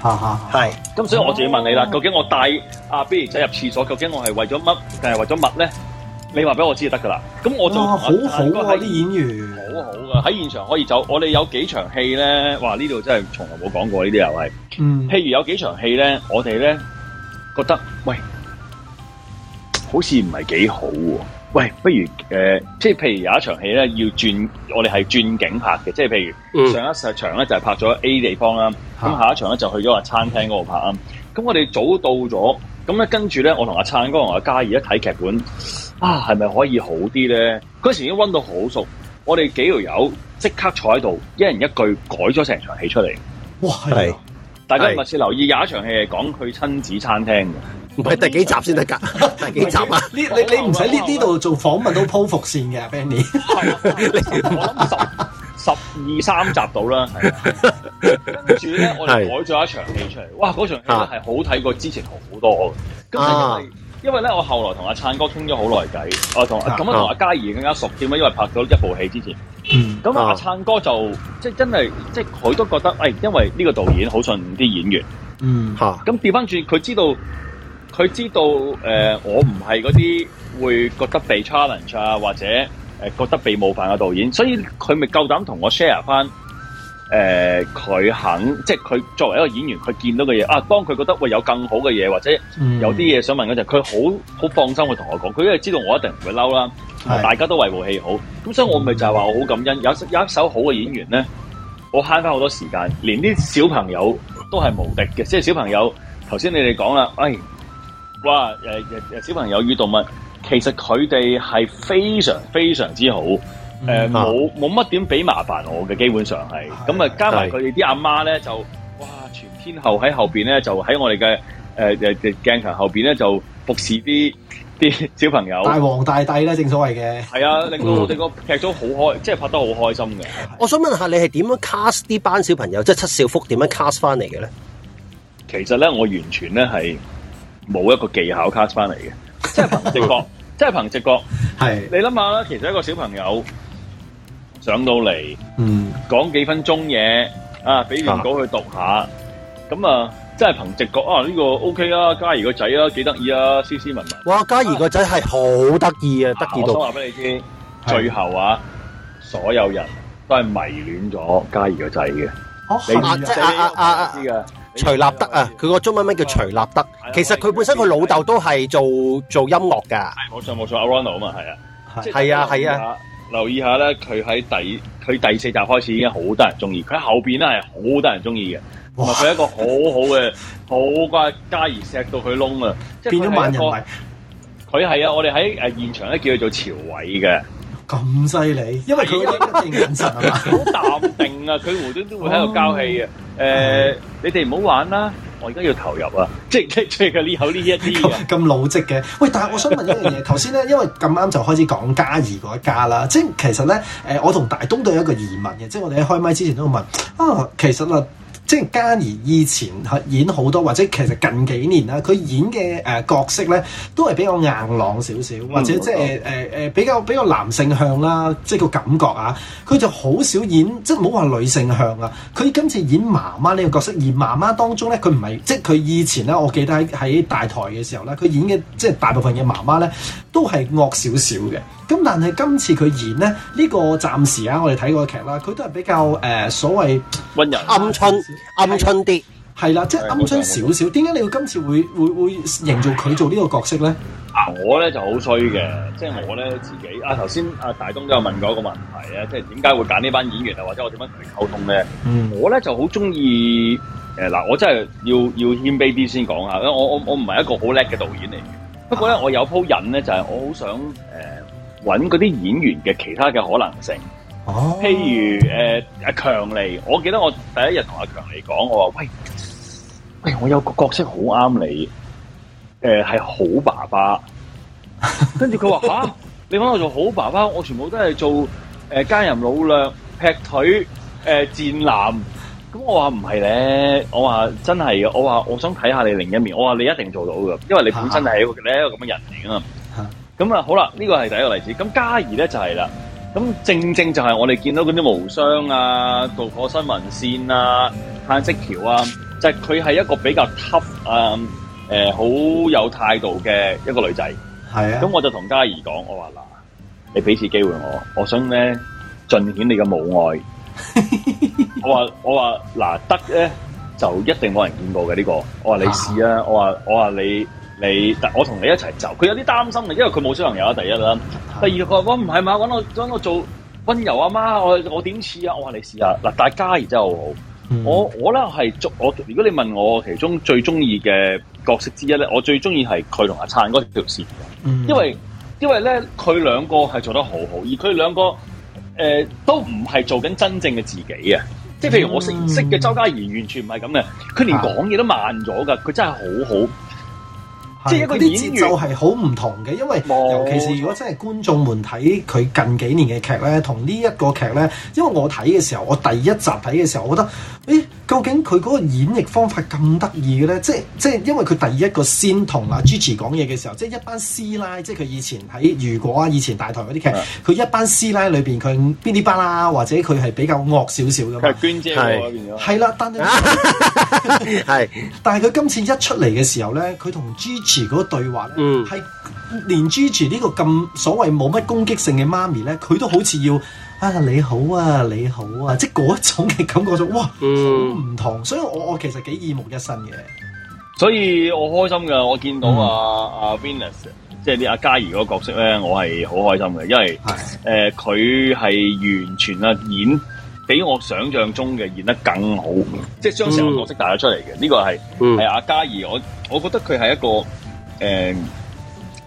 C: 哈哈，係。咁所以我自己問你啦：啊、究竟我帶阿 B 仔入廁所，究竟我係為咗乜？定係為咗乜咧？你話俾我知就得噶啦。
A: 咁我就好好啊啲演員，好
C: 好啊喺、啊、現場可以走。我哋有幾場戲咧，話呢度真係從來冇講過呢啲又係，嗯，譬如有幾場戲咧，我哋咧覺得喂。好似唔係幾好喎，喂，不如誒、呃，即係譬如有一場戲咧，要轉，我哋係轉景拍嘅，即係譬如、嗯、上一場場咧就係、是、拍咗 A 地方啦，咁是的 下一場咧就去咗話餐廳嗰度拍啊，咁是的 我哋早到咗，咁咧跟住咧，我同阿燦哥同阿家怡一睇劇本，啊，係咪可以好啲咧？嗰時已經溫到好熟，我哋幾條友即刻坐喺度，一人一句改咗成場戲出嚟，
A: 哇的，
C: 大家密切留意，有一場戲係講去親子餐廳嘅。唔係第幾集先得㗎？第幾集啊？呢
A: 你你唔使呢呢度做訪問都鋪伏線
C: 嘅，Benny。係啊，我諗十十二三集到啦。係啊，跟住咧我哋改咗一場戲出嚟。哇！嗰場戲係好睇過之前好多嘅。因為咧我後來同阿燦哥傾咗好耐偈，我同咁啊同阿家怡更加熟啲咩？因為拍咗一部戲之前。嗯。咁阿燦哥就即係真係即係佢都覺得，誒，因為呢個導演好順啲演員。嗯。嚇。咁調翻轉，佢知道。佢知道誒、呃，我唔係嗰啲會覺得被 challenge 啊，或者誒、呃、覺得被冒犯嘅導演，所以佢咪夠膽同我 share 翻誒佢、呃、肯，即係佢作為一個演員，佢見到嘅嘢啊，當佢覺得會有更好嘅嘢，或者有啲嘢想問嗰陣，佢好好放心去同我講，佢因為知道我一定唔會嬲啦，大家都為我氣好，咁是所以我咪就係話我好感恩，有一有一手好嘅演員咧，我慳翻好多時間，連啲小朋友都係無敵嘅，即係小朋友頭先你哋講啦，哎哇！誒誒小朋友與動物其實佢哋係非常非常之好，誒冇冇乜點俾麻煩我嘅，基本上係咁啊！的加埋佢哋啲阿媽咧，就的哇全天候喺後邊咧，就喺我哋嘅誒誒鏡頭後邊咧，就服侍啲啲
B: 小朋友，大王
A: 大帝咧，正所謂嘅係啊，令到我哋個
B: 劇都好開，嗯、即係拍得好開心嘅。的我想問下你係點樣 cast 啲班小朋友，即係七少福點樣 cast 翻嚟嘅咧？
C: 其實咧，我完全咧係，冇一個技巧 cast 翻嚟嘅，即係憑直覺，即係憑直覺。係你諗下啦，其實一個小朋友上到嚟，講幾分鐘嘢，啊，俾完稿去讀下，咁啊，即係憑直覺啊，呢個 OK 啦，家怡個仔啊，幾得意啊，斯斯文文。
B: 哇，家怡個仔係好得意啊，得意到。我話俾
C: 你知，最後啊，所有人
B: 都係迷戀咗家怡個仔嘅。你阿阿阿知嘅？徐立德啊，佢個中文名叫徐立德。其實佢本身佢老豆都係做做音樂噶。
C: 係冇錯冇錯 a r o n o 啊嘛係啊。係啊係啊。留意下咧，佢喺第佢第四集開始已經好多人中意，佢喺後邊咧係好多人中意嘅。佢一個好好嘅，好乖，家怡錫到佢窿啊，變咗萬人迷。佢係啊，我哋喺誒現場咧叫佢做朝偉嘅。
A: 咁犀利，因為佢眼神好淡 定啊！佢胡端
C: 都會喺度教戲啊！你哋唔好玩啦，我而家要投入啊！即即即係呢口呢一啲
A: 咁老職嘅，喂！但係我想問一樣嘢，頭先咧，因為咁啱就開始講家怡嗰一家啦，即係其實咧、呃，我同大東都有一個疑問嘅，即係我哋喺開麥之前都會問啊、哦，其實啊。即係家怡以前演好多，或者其實近幾年啦，佢演嘅、呃、角色咧都係比較硬朗少少，或者即係呃呃比較比較男性向啦，即係個感覺啊。佢就好少演，即係唔好話女性向啊。佢今次演媽媽呢個角色，而媽媽當中咧，佢唔係即係佢以前咧，我記得喺喺大台嘅時候咧，佢演嘅即係大部分嘅媽媽咧都係惡少少嘅。咁但係今次佢演咧呢、這個暫時啊，我哋睇過嘅劇啦，佢都係比較誒、呃、所謂溫柔暗春、啊、暗春啲係啦，即係、啊啊、暗春少少。點解你要今次會會會營造佢做呢個角色咧、啊就是？啊，我咧就好衰嘅，
C: 即係我咧自己啊。頭先阿大東都有問過一個問題咧，即係點解會揀呢班演員啊，或者我點樣同佢溝通咧？嗯、我咧就好中意誒嗱，我真係要要謙卑啲先講下。我我我唔係一個好叻嘅導演嚟嘅，不過咧、啊、我有鋪癮咧就係、是、我好想誒。呃揾嗰啲演員嘅其他嘅可能性，譬如誒阿強嚟，我記得我第一日同阿強嚟講，我話喂喂，我有個角色好啱你，誒、呃、係好爸爸，跟住佢話吓，你揾我做好爸爸，我全部都係做誒、呃、奸淫擄掠劈腿誒賤、呃、男，咁我話唔係咧，我話真係，我話我想睇下你另一面，我話你一定做到噶，因為你本身係你一個咁嘅、啊、人嚟噶嘛。咁啊，好啦，呢個係第一個例子。咁嘉怡咧就係、是、啦，咁正正就係我哋見到嗰啲無雙啊、導火新聞線啊、嘆息橋啊，就係佢係一個比較 tough 啊，誒、呃，好有態度嘅一個女仔。係啊。咁我就同嘉怡講，我話嗱，你俾次機會我，我想咧盡顯你嘅母愛。 我話我話嗱，得咧就一定冇人見過嘅呢、這個。我話你試啊，我話我話你。你，我同你一齊走，佢有啲擔心啊，因為佢冇小朋友啦，第一啦，第二佢話我唔係嘛，搵我搵我做溫柔阿、啊、媽，我我點似啊？我話你試下嗱，大家而真係好好、嗯、我我咧係做我，我，如果你問我其中最中意嘅角色之一咧，我最中意係佢同阿燦嗰條線、嗯因，因為因為咧佢兩個係做得好好，而佢兩個誒、呃、都唔係做緊真正嘅自己啊，即係譬如我認識識嘅周家怡，完全唔係咁嘅，佢連講嘢都慢咗噶，佢、啊、真係好好。
A: 即係佢啲節奏係好唔同嘅，因為尤其是如果真係觀眾們睇佢近幾年嘅劇咧，同呢一個劇咧，因為我睇嘅時候，我第一集睇嘅時候，我覺得，誒，究竟佢個演繹方法咁得意嘅咧？即係即係因為佢第一個先同阿 Gigi 講嘢嘅時候，即係一班師奶，即係佢以前喺《如果》啊，以前大台嗰啲劇，佢一班師奶裏邊佢邊啲巴啦，或者佢係比較惡少少嘅嘛。娟姐精㗎啦，但係係，但係佢今次一出嚟嘅時候咧，佢同 Gigi。嗰對話，係、嗯、連 Gigi 呢個咁所謂冇乜攻擊性嘅媽咪咧，佢都好似要啊你好啊你好啊，即係嗰種嘅感覺就哇好唔、嗯、同，所以我我其實幾耳目一新嘅。
C: 所以我開心㗎，我見到阿阿 Venus 即係啲阿嘉怡嗰個角色咧，我係好開心嘅，因為誒佢係完全啊演比我想象中嘅演得更好，嗯、即係將成個角色帶咗出嚟嘅。呢、這個係係、嗯、阿嘉怡，我我覺得佢係一個。誒、嗯，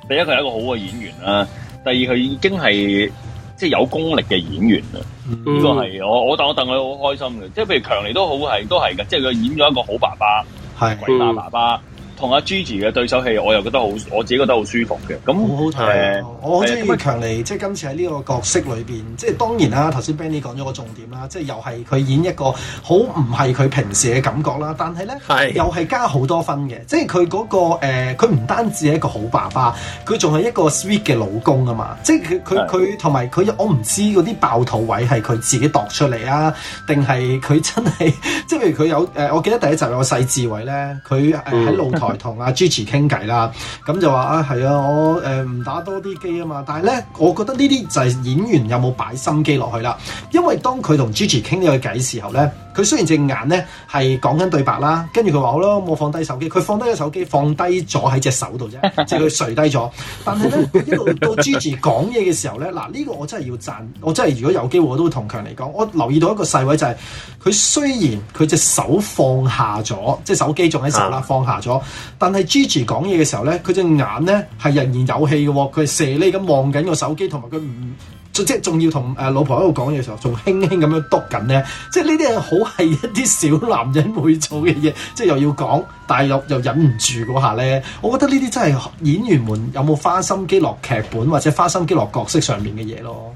C: 第一佢係一個好嘅演員啦，第二佢已經係即係有功力嘅演員啦，呢、嗯、個係我我戥我戥佢好開心嘅，即係譬如強尼都好係都係嘅，即係佢演咗一個好爸爸，係是鬼馬爸爸。嗯同阿 Gigi 嘅對手戲我又覺得好，我自己覺得好舒服嘅。咁誒好好睇哦
A: 呃，我好中意強尼，即係今次喺呢個角色裏邊，即係當然啦。頭先 Benny 講咗個重點啦，即係又係佢演一個好唔係佢平時嘅感覺啦。但係咧，係又係加好多分嘅。即係佢嗰個誒，佢、呃、唔單止係一個好爸爸，佢仲係一個 sweet 嘅老公啊嘛。即係佢佢佢同埋佢，我唔知嗰啲爆肚位係佢自己度出嚟啊，定係佢真係即係譬如佢有誒、呃、我記得第一集有個細字位咧，佢喺露台。呃嗯同阿 Gigi 傾偈啦，咁就話啊，係啊，我誒唔、呃、打多啲機啊嘛，但係咧，我覺得呢啲就係演員有冇擺心機落去啦，因為當佢同 Gigi 傾呢個偈時候咧。佢雖然隻眼咧係講緊對白啦，跟住佢話好咯，冇放低手機，佢放低個手機放低咗喺隻手度啫，即係佢垂低咗。但係咧， 一路到 Gigi 講嘢嘅時候咧，嗱、這、呢個我真係要讚，我真係如果有機會我都會同強尼講。我留意到一個細位就係、是，佢雖然佢隻手放下咗，即係手機仲喺手啦放下咗，但係 Gigi 講嘢嘅時候咧，佢隻眼咧係仍然有氣嘅喎，佢係蛇匿咁望緊個手機，同埋佢唔。即係仲要同誒老婆喺度講嘢嘅時候，仲輕輕咁樣篤緊咧，即係呢啲係好係一啲小男人會做嘅嘢，即係又要講，但係又又忍唔住嗰下咧。我覺得呢啲真係演員們有冇花心機落劇本或者花心機落角色上面嘅嘢咯？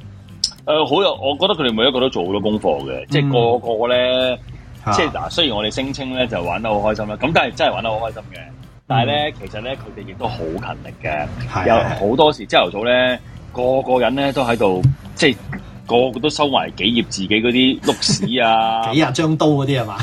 C: 誒、呃，好有，我覺得佢哋每一個都做好多功課嘅，嗯、即係個個咧，啊、即係嗱、啊，雖然我哋聲稱咧就玩得好開心啦，咁但係真係玩得好開心嘅，嗯、但係咧其實咧佢哋亦都好勤力嘅，的有好多時朝頭早咧。個個人咧都喺度，即係個個都收埋幾頁自己嗰啲碌屎啊， 幾十
A: 張刀嗰啲係嘛？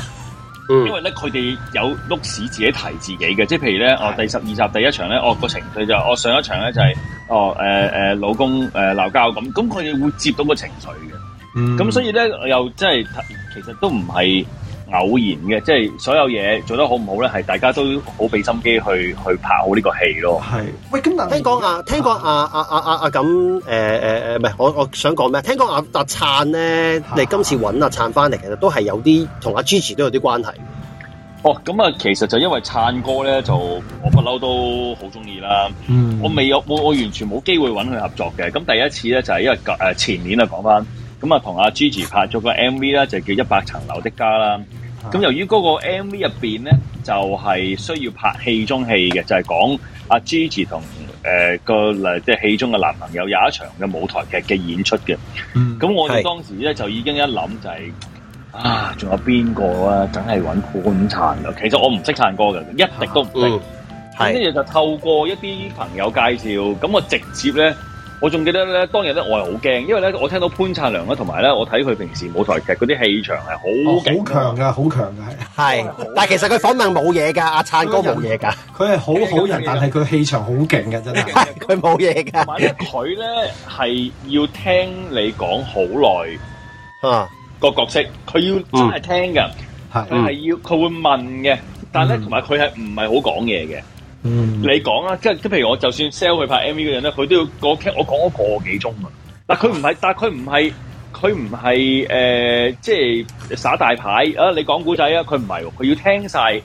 C: 因為咧佢哋有碌屎自己提自己嘅，即係譬如咧，我是的、哦、第十二集第一場咧，我個情緒就，我上一場咧就係，哦誒誒、那個就是哦呃呃、老公誒鬧交咁，咁佢哋會接到個情緒嘅，咁、嗯、所以咧又即係其實都唔係。偶然嘅，即係所有嘢做得好唔好咧，係大家都好俾心機去去拍好呢個戲咯。係喂，咁
B: 聽講啊，聽講啊啊啊啊啊咁，誒誒誒，唔、呃、係、呃，我我想講咩？聽講阿阿燦咧，啊啊、你今次搵阿燦翻嚟，其實都係有啲同阿 Gigi 都有啲關係。哦，咁啊，其實就因為燦哥咧，就我不嬲都好中意啦。嗯、我未有，我我完全冇
C: 機會搵佢合作嘅。咁第一次咧，就係、是、因為誒前年啊，講翻咁啊，同阿 Gigi 拍咗個 MV 啦，就叫《一百層樓的家》啦。咁由於嗰個 M V 入面咧，就係、是、需要拍戲中戲嘅，就係、是、講阿 Gigi 同誒個、呃、即係戲中嘅男朋友有一場嘅舞台劇嘅演出嘅。咁、嗯、我哋當時咧是就已經一諗就係、是、啊，仲有邊個啊？梗係揾潘燦啦。其實我唔識唱歌嘅，一滴都唔識。咁咧、啊嗯、就透過一啲朋友介紹，咁我直接咧。我仲記得咧，當日咧我係好驚，因為咧我聽到潘燦良咧，同埋咧我睇佢平時舞台劇嗰啲氣場係好、哦、
A: 強㗎。好強㗎，係。嗯、但其實佢訪問冇嘢噶，阿燦哥冇嘢噶。佢係好好人，但係佢氣場好勁嘅真係。係，佢冇嘢㗎。
C: 佢咧係要聽你講好耐啊個角色，佢要真係聽㗎。佢係、嗯、要，佢會問嘅，但呢，咧同埋佢係唔係好講嘢嘅。嗯，你講啦，即係即譬如我就算 sell 佢拍 MV 嘅人咧，佢都要我劇我講咗個幾鐘啊。嗱，佢唔係，但係佢唔係，佢唔係誒，即係耍大牌啊！你講古仔啊，佢唔係，佢要聽晒。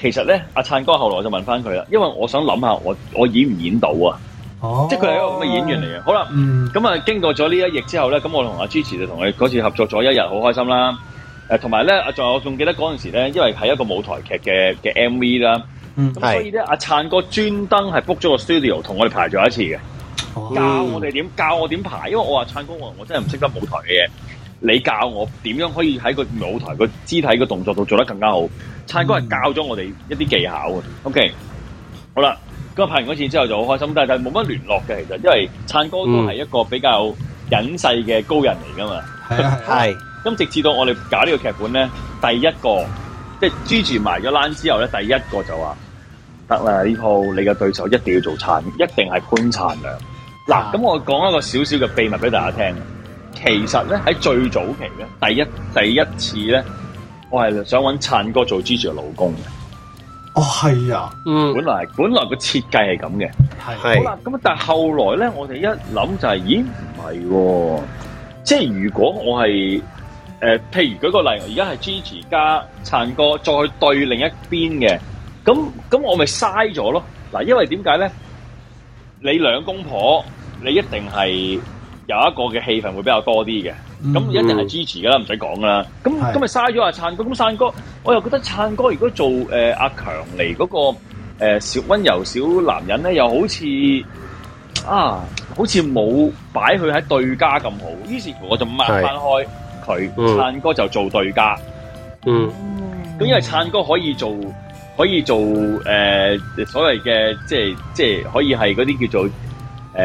C: 其實咧，阿燦哥後來我就問翻佢啦，因為我想諗下，我我演唔演到啊？哦，
A: 即係佢係一個咁嘅演員嚟嘅。
C: 好啦，咁啊，經過咗呢一役之後咧，咁我同阿 g 持就同佢嗰次合作咗一日，好開心啦。誒、啊，同埋咧，啊仲我仲記得嗰陣時咧，因為係一個舞台劇嘅嘅 MV 啦。咁所以咧，阿燦哥專登係 book 咗個 studio 同我哋排咗一次嘅，教我哋點教我點排，因為我話燦哥我真係唔識得舞台嘅嘢，你教我點樣可以喺個舞台個肢體個動作度做得更加好，燦哥係教咗我哋一啲技巧嘅，OK，好啦，咁排完嗰次之後就好開心，但係冇乜聯絡嘅其實，因為燦哥都係一個比較隱世嘅高人嚟噶嘛，係，咁直至到我哋搞呢個劇本咧，第一個即係追住埋咗 r n 之後咧，第一個就話。得啦！呢套你嘅對手一定要做燦，一定係潘燦良。嗱，啊，咁我講一個小小嘅秘密俾大家聽。其實咧喺最早期咧，第一第一次咧，我係想搵燦哥做 Gigi 嘅老公嘅。
A: 哦，係啊，嗯，
C: 本，本來本來個設計係咁嘅，
A: 係係。
C: 好啦，咁但係後來咧，我哋一諗就係，是，咦，唔係，啊，即係如果我係誒，呃，譬如舉個例，而家係 Gigi 加燦哥再對另一邊嘅。咁咁我咪嘥咗咯嗱，因為點解咧？你兩公婆，你一定係有一個嘅氣氛會比較多啲嘅，咁、mm hmm. 一定係支持噶啦，唔使講啦。咁咁咪嘥咗阿燦哥。咁燦哥，我又覺得燦哥如果做阿、呃、強嚟嗰、那個、呃、小少溫柔少男人咧，又好似啊，ah. 好似冇擺佢喺對家咁好。於是我就掹開佢，燦哥就做對家。嗯、mm，咁、hmm. 因為燦哥可以做。可以做誒、呃、所謂嘅即係即係可以係嗰啲叫做誒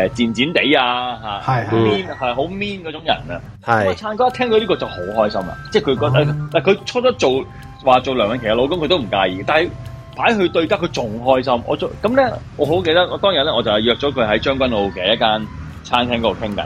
C: 賤賤哋啊，嚇，係好 mean 係好 mean 嗰種人啊！係的，我燦哥一聽到呢個就好開心啦，即係佢覺得嗱佢、嗯、初初做話做梁詠琪嘅老公佢都唔介意，但係擺去對得佢仲開心。我做咁咧，呢的我好記得我當日咧，我就係約咗佢喺將軍澳嘅一間餐廳嗰度傾偈嘅。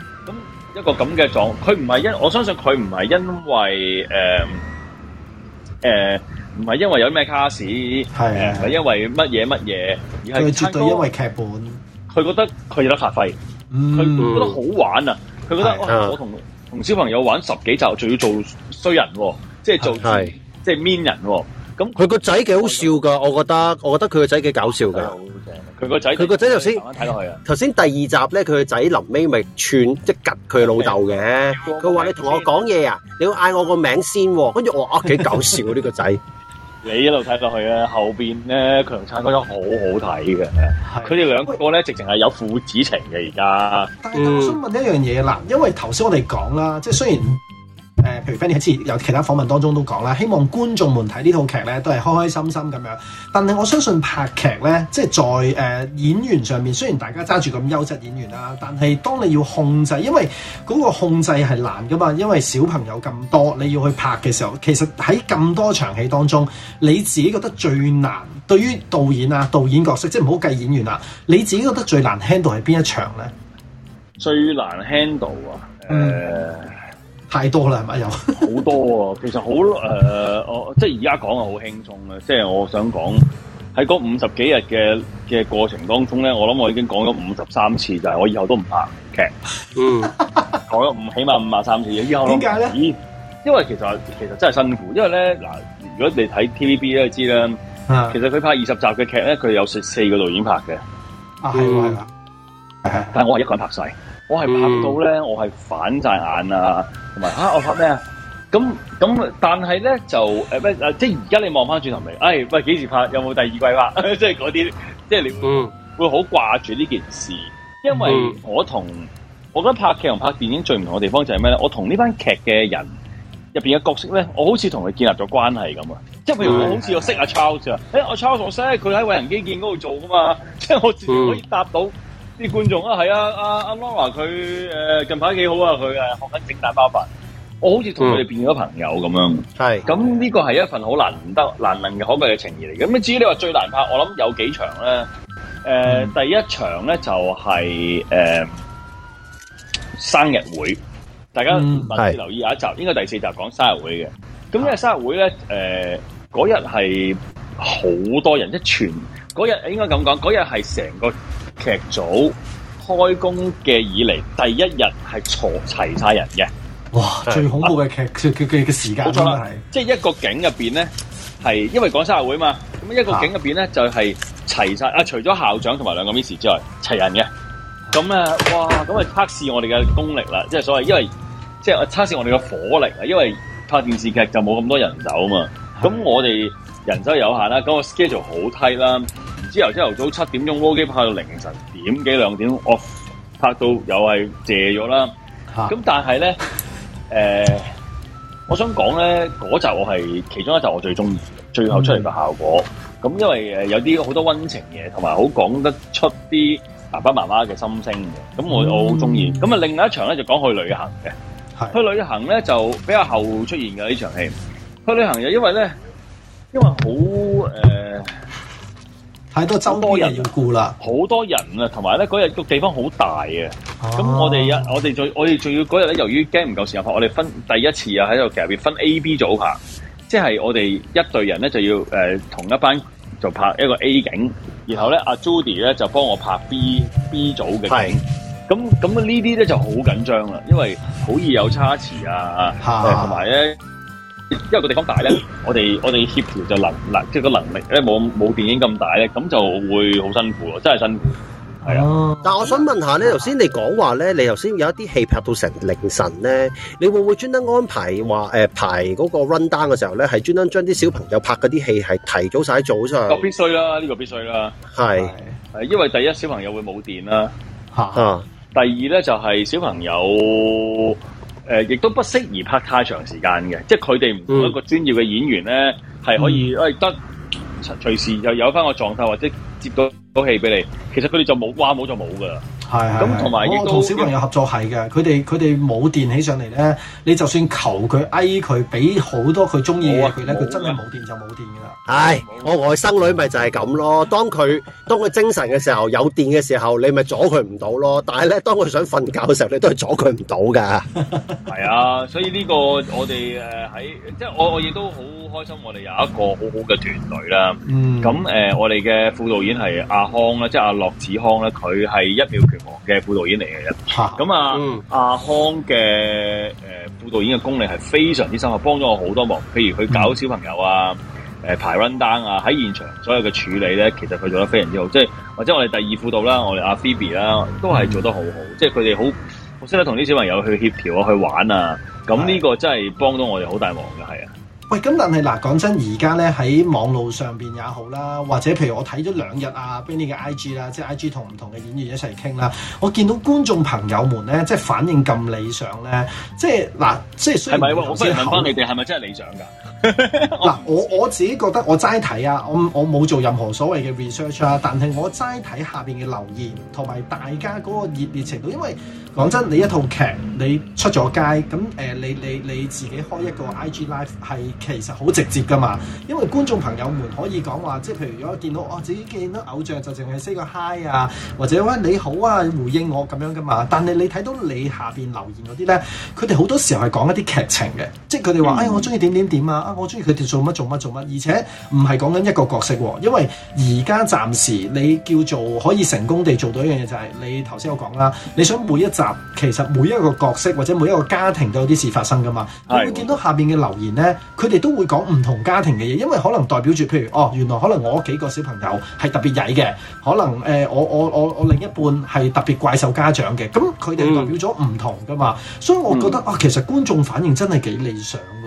C: 一個咁嘅狀，佢唔係因，我相信佢唔係因為誒誒，唔、呃、係、呃、因為有咩卡士，係係係因為乜嘢乜嘢，佢絕對而因為劇本，佢覺得佢有得拍戲，
A: 佢、嗯、覺得好
C: 玩啊，佢覺得的、哦、我同同小朋友玩十幾集，仲要做衰人、哦，即係做的即係 mean 人喎、哦。mean 人。
B: 佢個仔幾好笑噶，我覺得，我覺得佢個仔幾搞笑噶。佢個仔，佢個仔頭先睇落去啊，頭先唉第二集咧，佢個仔臨尾咪串即係吉佢老豆嘅。佢話：你同我講嘢啊，你要嗌我個名先、啊。跟住我話：啊，幾搞笑啊！呢 個仔。你一
C: 路睇落去呀。後邊咧佢同強尼好好睇嘅。佢哋的兩個咧，直情係有父子情嘅而、嗯、家。但係
A: 我想問一樣嘢啦，因為頭先我哋講啦，即係雖然。誒、呃，譬如 Fanny 喺之前有其他訪問當中都講啦，希望觀眾們睇呢套劇呢都係開開心心咁樣。但係我相信拍劇呢，即係在誒、呃、演員上面，雖然大家揸住咁優質演員啦、啊，但係當你要控制，因為嗰個控制係難噶嘛，因為小朋友咁多，你要去拍嘅時候，其實喺咁多場戲當中，你自己覺得最難對於導演啊、導演角色，即係唔好計演員啦，你自己覺得最難 handle 係邊一場呢？
C: 最難 handle 啊？誒、
A: uh。太多啦，係咪
C: 有好多啊？其實好誒、呃，我即係而家講啊，好輕鬆啊！即係我想講喺嗰五十幾日嘅嘅過程當中咧，我諗我已經講咗五十三次，就係、是、我以後都唔拍劇。嗯，講咗五起碼五十三次，以後點解咧？咦，因為其實其實真係辛苦，因為咧嗱，如果你睇 TVB 咧，你知啦，其實佢拍二十集嘅劇咧，佢有四四個導演拍嘅。啊，係啊、嗯，係但係我係一個人拍晒。我係拍到咧，我係反晒眼啊，同埋啊，我拍咩啊？咁咁，但係咧就、呃、即係而家你望翻轉頭未，哎喂，幾時拍？有冇第二季啦，即係嗰啲，即係你會好掛住呢件事，因為我同我覺得拍劇同拍電影最唔同嘅地方就係咩咧？我同呢班劇嘅人入面嘅角色咧，我好似同佢建立咗關係咁啊！即係譬如我好似我識阿 Charles 啊、欸，誒我 Charles 我識佢喺偉人基建嗰度做噶嘛，即係我自己可以答到。啲觀眾啊，係啊，阿、啊、阿、啊、Lawrence 佢誒近排幾好啊，佢誒學緊整大包飯，我好似同佢哋變咗朋友咁樣。係、嗯，咁呢個係一份好難得，嗯、難得難能嘅可貴嘅情義嚟嘅。咁至於你話最難拍，我諗有幾場咧？誒、呃，嗯、第一場咧就係、是、誒、呃、生日會，大家密切、嗯、留意下一集，應該第四集講生日會嘅。咁呢個生日會咧，誒嗰日係好多人一傳，嗰日應該咁講，嗰日係成個。劇組開工嘅以嚟，第一日係坐齊晒人嘅，哇！最
A: 恐怖嘅劇嘅嘅嘅時間問題，即係、就
C: 是、一個景入邊咧係，因為講生日會啊嘛，咁一個景入邊咧就係齊晒啊，除咗校長同埋兩個 miss 之外，齊人嘅，咁咧哇，咁啊測試我哋嘅功力啦，即、就、係、是、所謂因為即係測試我哋嘅火力啦，因為拍電視劇就冇咁多人手啊嘛，咁我哋人手有限我啦，咁個 schedule 好 tight 啦。朝頭朝頭早七點鐘，鍋機拍到凌晨點幾兩點，我拍到又係謝咗啦。咁、啊、但係咧，誒、呃，我想講咧，嗰集我係其中一集我最中意嘅，最後出嚟嘅效果。咁、嗯、因為有啲好多溫情嘢，同埋好講得出啲爸爸媽媽嘅心聲嘅。咁我我好中意。咁啊、嗯，另外一場咧就講去旅行嘅，是去旅行咧就比較後出現嘅呢場戲。去旅行又因為咧，因為好誒。呃太多周就顧多人要顧啦，好多人啊，同埋咧嗰日個地方好大啊，咁我哋我哋再我哋仲要嗰日咧，由於驚唔夠時間拍，我哋分第一次啊喺度夾住分 A、B 組拍，即係我哋一隊人咧就要誒、呃、同一班就拍一個 A 景，然後咧阿 Judy 咧就幫我拍 B B 組嘅景，咁咁呢啲咧就好緊張啦，因為好易有差池啊，同埋咧。呃因為個地方大咧，我哋我哋協調就能，嗱，即係個能力咧冇冇電影咁大咧，咁就會好辛苦咯，真係辛苦，
B: 係啊。但係我想問下咧，頭先你講話咧，你頭先有一啲戲拍到成凌晨咧，你會唔會專登安排話誒、呃、排嗰個 run down 嘅時候咧，係專登將啲小朋友拍嗰啲戲係提早曬喺早上？必
C: 須啦，呢個必須啦，係係的因為第一小朋友會冇電啦，吓、啊，第二咧就係、是、小朋友。誒，亦、呃、都不適宜拍太長時間嘅，即係佢哋唔同一個專業嘅演員咧，係、嗯、可以，誒、嗯、得隨時又有翻個狀態或者接到套戲俾你，其實佢哋就冇，話冇就冇
A: 噶啦。埋係，係係係我同小朋友合作係嘅，佢哋佢哋冇電起上嚟咧，你就算求佢哀佢，俾好多佢中意嘅佢咧，佢真係冇電就冇電㗎。係、哎，
B: 我外甥女咪就係咁咯。當佢當佢精神嘅時候，有電嘅時候，你咪阻佢唔到咯。但係咧，當佢想瞓覺嘅時候，你都係阻佢唔到㗎。係 啊，
C: 所以呢個我哋喺即係我我亦都好。開心，我哋有一個好好嘅團隊啦。咁誒、嗯呃，我哋嘅副導演係阿康啦，即係阿樂子康咧，佢係一秒拳王嘅副導演嚟嘅啫。咁啊，啊嗯、阿康嘅誒、呃、副導演嘅功力係非常之深厚，幫咗我好多忙。譬如佢搞小朋友啊，誒排 run down 啊，喺現場所有嘅處理咧，其實佢做得非常之好。即係或者我哋第二副導啦、啊，我哋阿 Phoebe 啦，都係做得好好。嗯、即係佢哋好識得同啲小朋友去協調啊，去玩啊。咁呢個真係幫到我哋好大忙嘅，係啊。
A: 喂，咁但係嗱，講真，而家咧喺網路上面也好啦，或者譬如我睇咗兩日啊 Benny 嘅 IG 啦，即係 IG 同唔同嘅演員一齊傾啦，我見到觀眾朋友們咧，即係反應咁理想咧，即係嗱，即係所以唔係， 我問翻
C: 你哋係咪真係理想㗎？
A: 嗱，我我自己覺得我齋睇啊，我我冇做任何所謂嘅 research 啊，但係我齋睇下面嘅留言同埋大家嗰個熱烈程度，因為，講真，你一套劇你出咗街，咁、呃、你你你自己開一個 IG live 係其實好直接噶嘛，因為觀眾朋友們可以講話，即係譬如如果見到哦自己見到偶像就淨係 say 個 hi 啊，或者話你好啊，回應我咁樣噶嘛。但係你睇到你下面留言嗰啲咧，佢哋好多時候係講一啲劇情嘅，即係佢哋話哎我中意點點點啊，我中意佢哋做乜做乜做乜，而且唔係講緊一個角色喎、啊，因為而家暫時你叫做可以成功地做到一樣嘢就係你頭先我講啦，你想每一其實每一個角色或者每一個家庭都有啲事發生㗎嘛，的你會見到下面嘅留言呢，佢哋都會講唔同家庭嘅嘢，因為可能代表住，譬如哦，原來可能我幾個小朋友係特別曳嘅，可能、呃、我我我我另一半係特別怪獸家長嘅，咁佢哋代表咗唔同㗎嘛，嗯、所以我覺得、嗯、啊，其實觀眾反應真係幾理想的。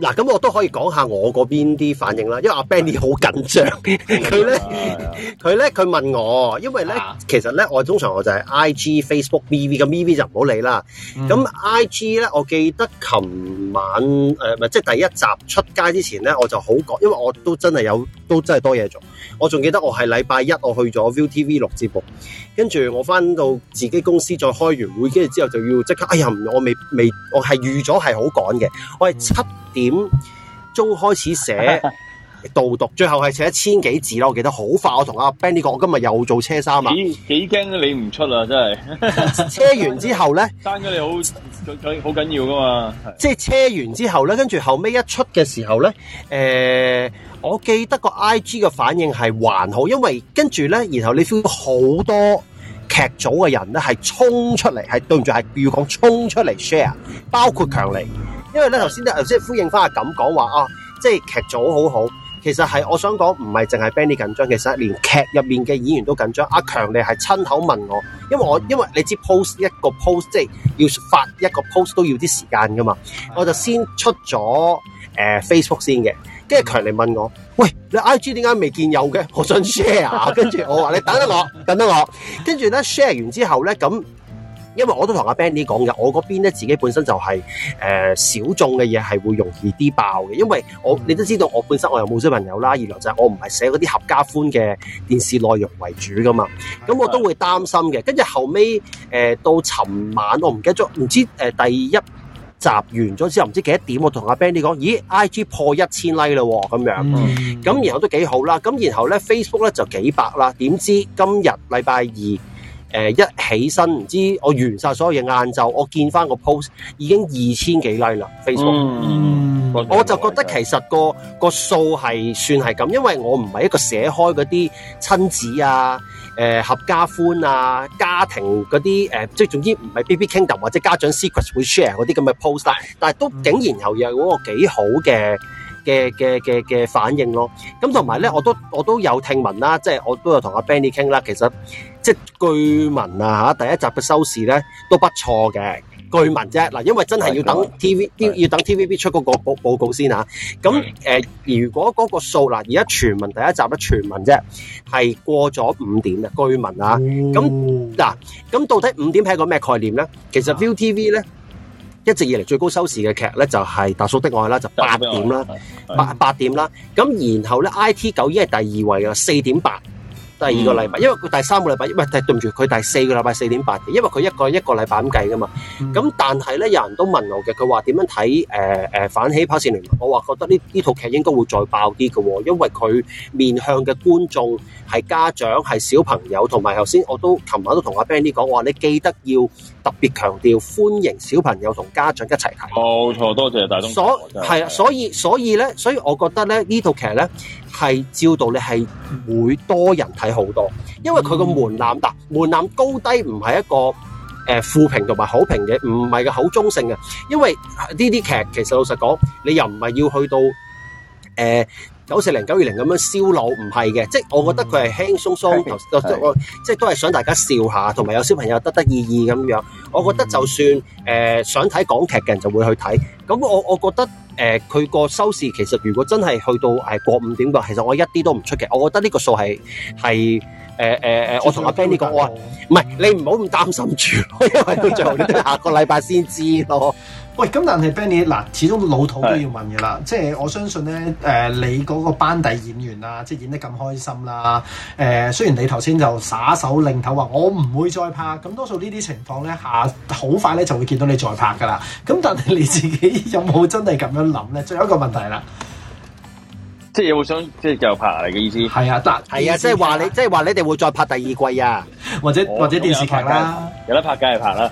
B: 嗱，咁我都可以講下我嗰邊啲反應啦，因為阿 Benny 好緊張，佢咧佢咧佢問我，因為咧、啊、其實咧我通常我就係 I G、Facebook、V V，咁 V V 就唔好理啦。咁 I G 咧，我記得琴晚、呃、唔係、即係第一集出街之前咧，我就好趕，因為我都真係有都真係多嘢做。我仲記得我係禮拜一我去咗 ViuTV 錄節目，跟住我翻到自己公司再開完會，跟住之後就要即刻，哎呀，我未我未，我係預咗係好趕嘅，我係七，嗯點鐘開始寫導讀，最後係寫一千幾字啦。我記得好快。我同阿 Benny 講我今日又做車三啊！
C: 幾驚你唔出啊！
B: 真係。車完之後咧，刪咗你好好緊要噶嘛。即係車完之後咧，跟住後尾一出嘅時候咧，誒、欸，我記得個 I G 嘅反應係還好，因為跟住咧，然後你 feel 好多劇組嘅人咧係衝出嚟，係對唔住，係要講衝出嚟 share，包括強尼。嗯因為咧，頭先咧，頭先呼應翻阿錦講話啊，即係劇組好好，其實係我想講唔係淨係 Benny 緊張，其實連劇入面嘅演員都緊張。阿強你係親口問我，因為我因為你知 post 一個 post，即係要發一個 post 都要啲時間噶嘛，我就先出咗誒、呃、Facebook 先嘅，跟住強你問我，喂，你 I G 點解未見有嘅？我想 share，啊！ 」跟住我話你等得我，等得我，跟住咧 share 完之後咧咁。因為我都同阿 Benny 講嘅，我嗰邊咧自己本身就係、是、誒、呃、小眾嘅嘢係會容易啲爆嘅，因為我你都知道我本身我又冇小朋友啦，二來就係我唔係寫嗰啲合家歡嘅電視內容為主噶嘛，咁我都會擔心嘅。跟住後尾誒、呃、到尋晚，我唔記得咗，唔知、呃、第一集完咗之後，唔知幾多點，我同阿 Benny 講，咦 IG 破一千 like 嘞喎，咁樣，咁、嗯、然後都幾好啦。咁然後咧 Facebook 咧就幾百啦，點知今日禮拜二。誒、呃、一起身，唔知我完晒所有嘢。晏晝，我見翻個 post 已經二千幾 like 啦。Facebook，、嗯嗯、我就覺得其實個個數係算係咁，因為我唔係一個寫開嗰啲親子啊、呃、合家歡啊、家庭嗰啲誒，即、呃、係總之唔係 BB Kingdom 或者家長 Secret 會 share 嗰啲咁嘅 post 啦。但係都竟然又有嗰個幾好嘅嘅嘅嘅嘅反應咯。咁同埋咧，我都我都有聽聞啦，即係我都有同阿 Benny 傾啦，其實。即係據聞啊吓，第一集嘅收視咧都不錯嘅據聞啫。嗱，因為真係要等 TV 要等 TVB 出嗰個報報告先吓、啊。咁誒的、呃，如果嗰個數啦，而家傳聞第一集咧，傳聞啫，係過咗五點嘅據聞啊。咁嗱、嗯，咁到底五點係一個咩概念咧？其實 ViuTV 咧的一直以嚟，最高收視嘅劇咧就係、是《大叔的愛》啦，就八點啦，八八點啦。咁然後咧 IT 狗，已係第二位啦，四點八。第二個禮拜，因為佢第三個禮拜，唔係，對唔住，佢第四個禮拜四點八嘅，因為佢一個一個禮拜咁計噶嘛。咁但係咧，有人都問我嘅，佢話點樣睇誒誒反起跑線聯盟？我話覺得呢呢套劇應該會再爆啲嘅喎，因為佢面向嘅觀眾係家長、係小朋友，同埋頭先我都琴晚都同阿 Benny 講，我話你記得要特別強調歡迎小朋友同家長一齊睇。冇
C: 錯，多謝大東。所係啊，
B: 所以所以咧，所以我覺得咧，呢套劇咧。係照道理係會多人睇好多，因為佢個門檻，嗱門檻高低唔係一個誒負評同埋好評嘅，唔係個好中性嘅，因為呢啲劇其實老實講，你又唔係要去到誒。九四零九二零咁樣燒腦唔係嘅，即係我覺得佢係輕鬆鬆頭，即係我即係都係想大家笑下，同埋有小朋友得得意意咁樣。我覺得就算誒想睇港劇嘅人就會去睇，咁我我覺得誒佢個收視其實如果真係去到誒過五點嘅，其實我一啲都唔出奇。我覺得呢個數係係
C: 誒誒誒，我同阿 Ben
B: 講，喂，唔係，
A: 你唔好咁擔心住，因為最後下個禮拜先知咯。喂，咁但係 Benny 嗱，始終老土都要問嘅啦。的即係我相信咧，誒、呃、你嗰個班底演員啦、啊，即係演得咁開心啦、啊。誒、呃、雖然你頭先就耍手擰頭話我唔會再拍，咁多數呢啲情況咧，下好快咧就會見到你再拍噶啦。咁但係你自己有冇真係咁樣諗咧？最後一個問題啦。
C: 即係有冇想即係繼續拍嚟嘅意思？係啊，得係啊，
B: 即係話你，即係話你哋會再拍第二季啊，
C: 或者或者電視劇啦，有得拍梗係拍啦。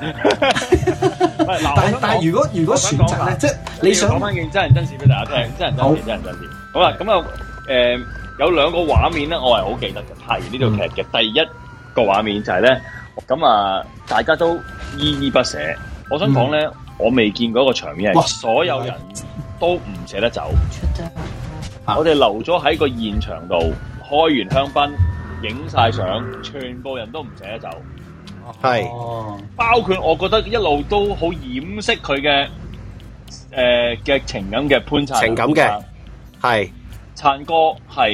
A: 但係但係如果如果選擇即係你想講翻
C: 件真人真事俾大家聽，真人真事，真人真事。好啊，咁啊，誒，有兩個畫面咧，我係好記得嘅，拍完呢套劇嘅第一個畫面就係咧，咁啊，大家都依依不捨。我想講咧，我未見過一個場面係所有人都唔捨得走。我哋留咗喺個現場度，開完香檳，影晒相，全部人都唔捨得走，
B: 係是，
C: 包括我覺得一路都好掩飾佢嘅，誒、呃、嘅情感嘅潘燦良，情感嘅，係，燦哥係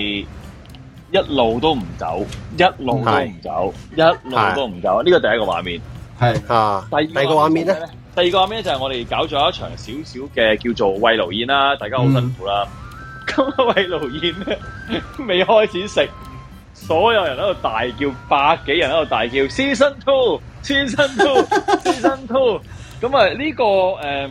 C: 一路都唔走，一路都唔走，是一路都唔走，呢個是第一個畫面，
B: 係是，啊，
C: 第二個畫面咧，第二個畫面就係我哋搞咗一場少少嘅叫做慰勞宴啦，大家好辛苦啦。嗯咁啊，慰勞宴咧未開始食，所有人喺度大叫，百幾人喺度大叫，season two，season two，season two，咁啊呢個誒，uh,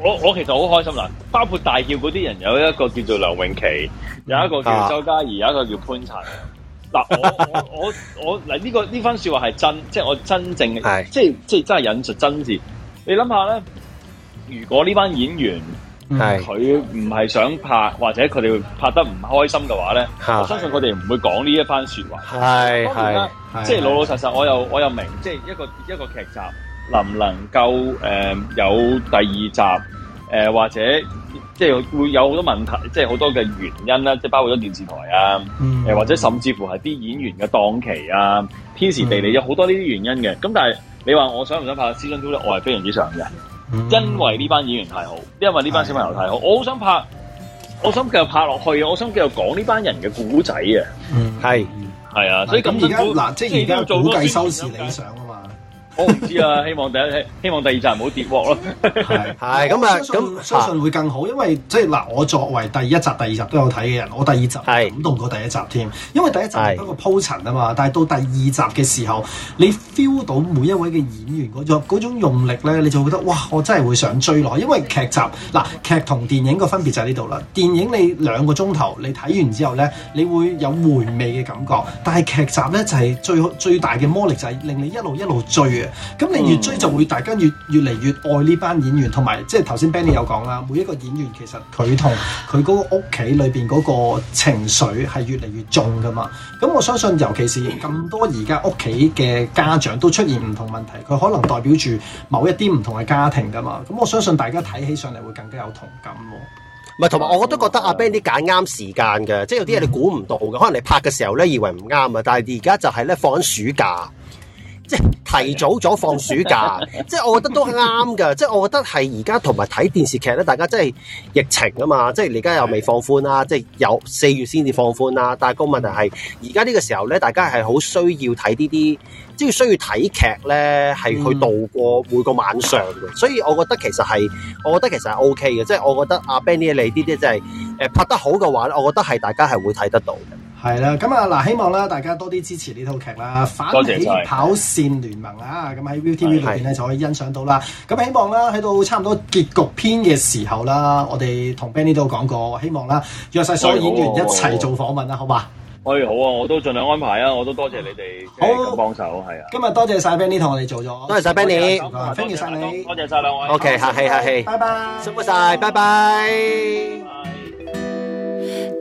C: 我我其實好開心啦，包括大叫嗰啲人有一個叫做梁詠琪，有一個叫周家怡， 有一個叫潘燦。嗱， 我我我我嗱呢個呢番說話係真，即係我真正嘅是，即係即係真係引述真事。你諗下咧，如果呢班演員，佢唔係想拍，或者佢哋拍得唔開心嘅話咧，是我相信佢哋唔會講呢一班說話。係係是，即係是老老實實，是我又我又明，即係一個是一個劇集能唔能夠誒有第二集誒，或者即係會有好多問題，即係好多嘅原因啦，即係包括咗電視台啊是、呃，或者甚至乎係啲演員嘅檔期啊，天時地利是有好多呢啲原因嘅。咁但係你話我想唔想拍 season two 呢？我係非常之想嘅。因為呢班演員太好，因為呢班小朋友太好，是的 我好想拍，我想繼續拍落去啊！我想繼續講呢班人嘅古仔啊，嗯，係，係啊，所以咁而家嗱，都即係而家估計收視理想。Okay? 我唔知啊，希望第一，希望
A: 第二集唔好跌鑊咯是。係係咁啊，咁相，是相信會更好，因為即係嗱，我作為第一集、第二集都有睇嘅人，我第二集係感動過第一集添。是因為第一集係一個鋪陳啊嘛，但係到第二集嘅時候，是你 feel 到每一位嘅演員嗰種嗰種用力咧，你就會覺得哇，我真係會想追落。因為劇集嗱，劇同電影嘅分別就係呢度啦。電影你兩個鐘頭你睇完之後咧，你會有回味嘅感覺，但係劇集咧就係、是、最最大嘅魔力就係、是、令你一路一路追。咁你越追就會大家越越嚟越愛呢班演員，同埋即係頭先 Benny 有講啦，每一個演員其實佢同佢嗰個屋企裏邊嗰個情緒係越嚟越重噶嘛。咁我相信，尤其是咁多而家屋企嘅家長都出現唔同問題，佢可能代表住某一啲唔同嘅家庭噶嘛。咁我相信大家睇起上嚟會更加有同感喎。
B: 唔係，同埋我都覺得阿 Benny 揀啱時間嘅，即係有啲嘢你估唔到嘅，嗯、可能你拍嘅時候咧以為唔啱啊，但係而家就係咧放暑假。即提早咗放暑假， 即係我覺得都係啱㗎。即係我覺得係而家同埋睇電視劇咧，大家真係疫情啊嘛，即係而家又未放寬啦，即係有四月先至放寬啦。但係個問題係而家呢個時候咧，大家係好需要睇呢啲，即係需要睇劇咧，係去度過每個晚上嘅。嗯、所以我覺得其實係，我覺得其實係 O K 嘅。即係我覺得阿 Benny 你呢啲即係誒拍得好嘅話咧，我覺得係大家係會睇得到嘅。
A: 係啦，咁啊嗱，希望啦大家多啲支持呢套劇啦，反起跑線聯盟啊，咁喺 ViuTV 裏邊咧就可以欣賞到啦。咁希望啦喺到差唔多結局篇嘅時候啦，我哋同 Benny 都講過，希望啦約晒所有演員一齊做訪問啦，好嘛？
C: 哎，好啊，我都盡量安排啊，我都多謝你哋嘅幫手，
A: 係啊。今日多謝晒 Benny 同我哋做咗，多謝晒 Benny，thank
B: you 晒你，多謝晒兩位。OK，客氣客
A: 氣，拜拜，辛苦晒，拜拜。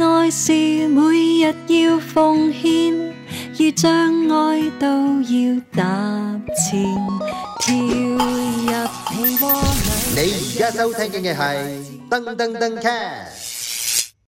A: 愛是每日要奉獻，要將愛都要踏前，
B: 跳入你窩裏。你而家收聽嘅係噔噔噔 Cat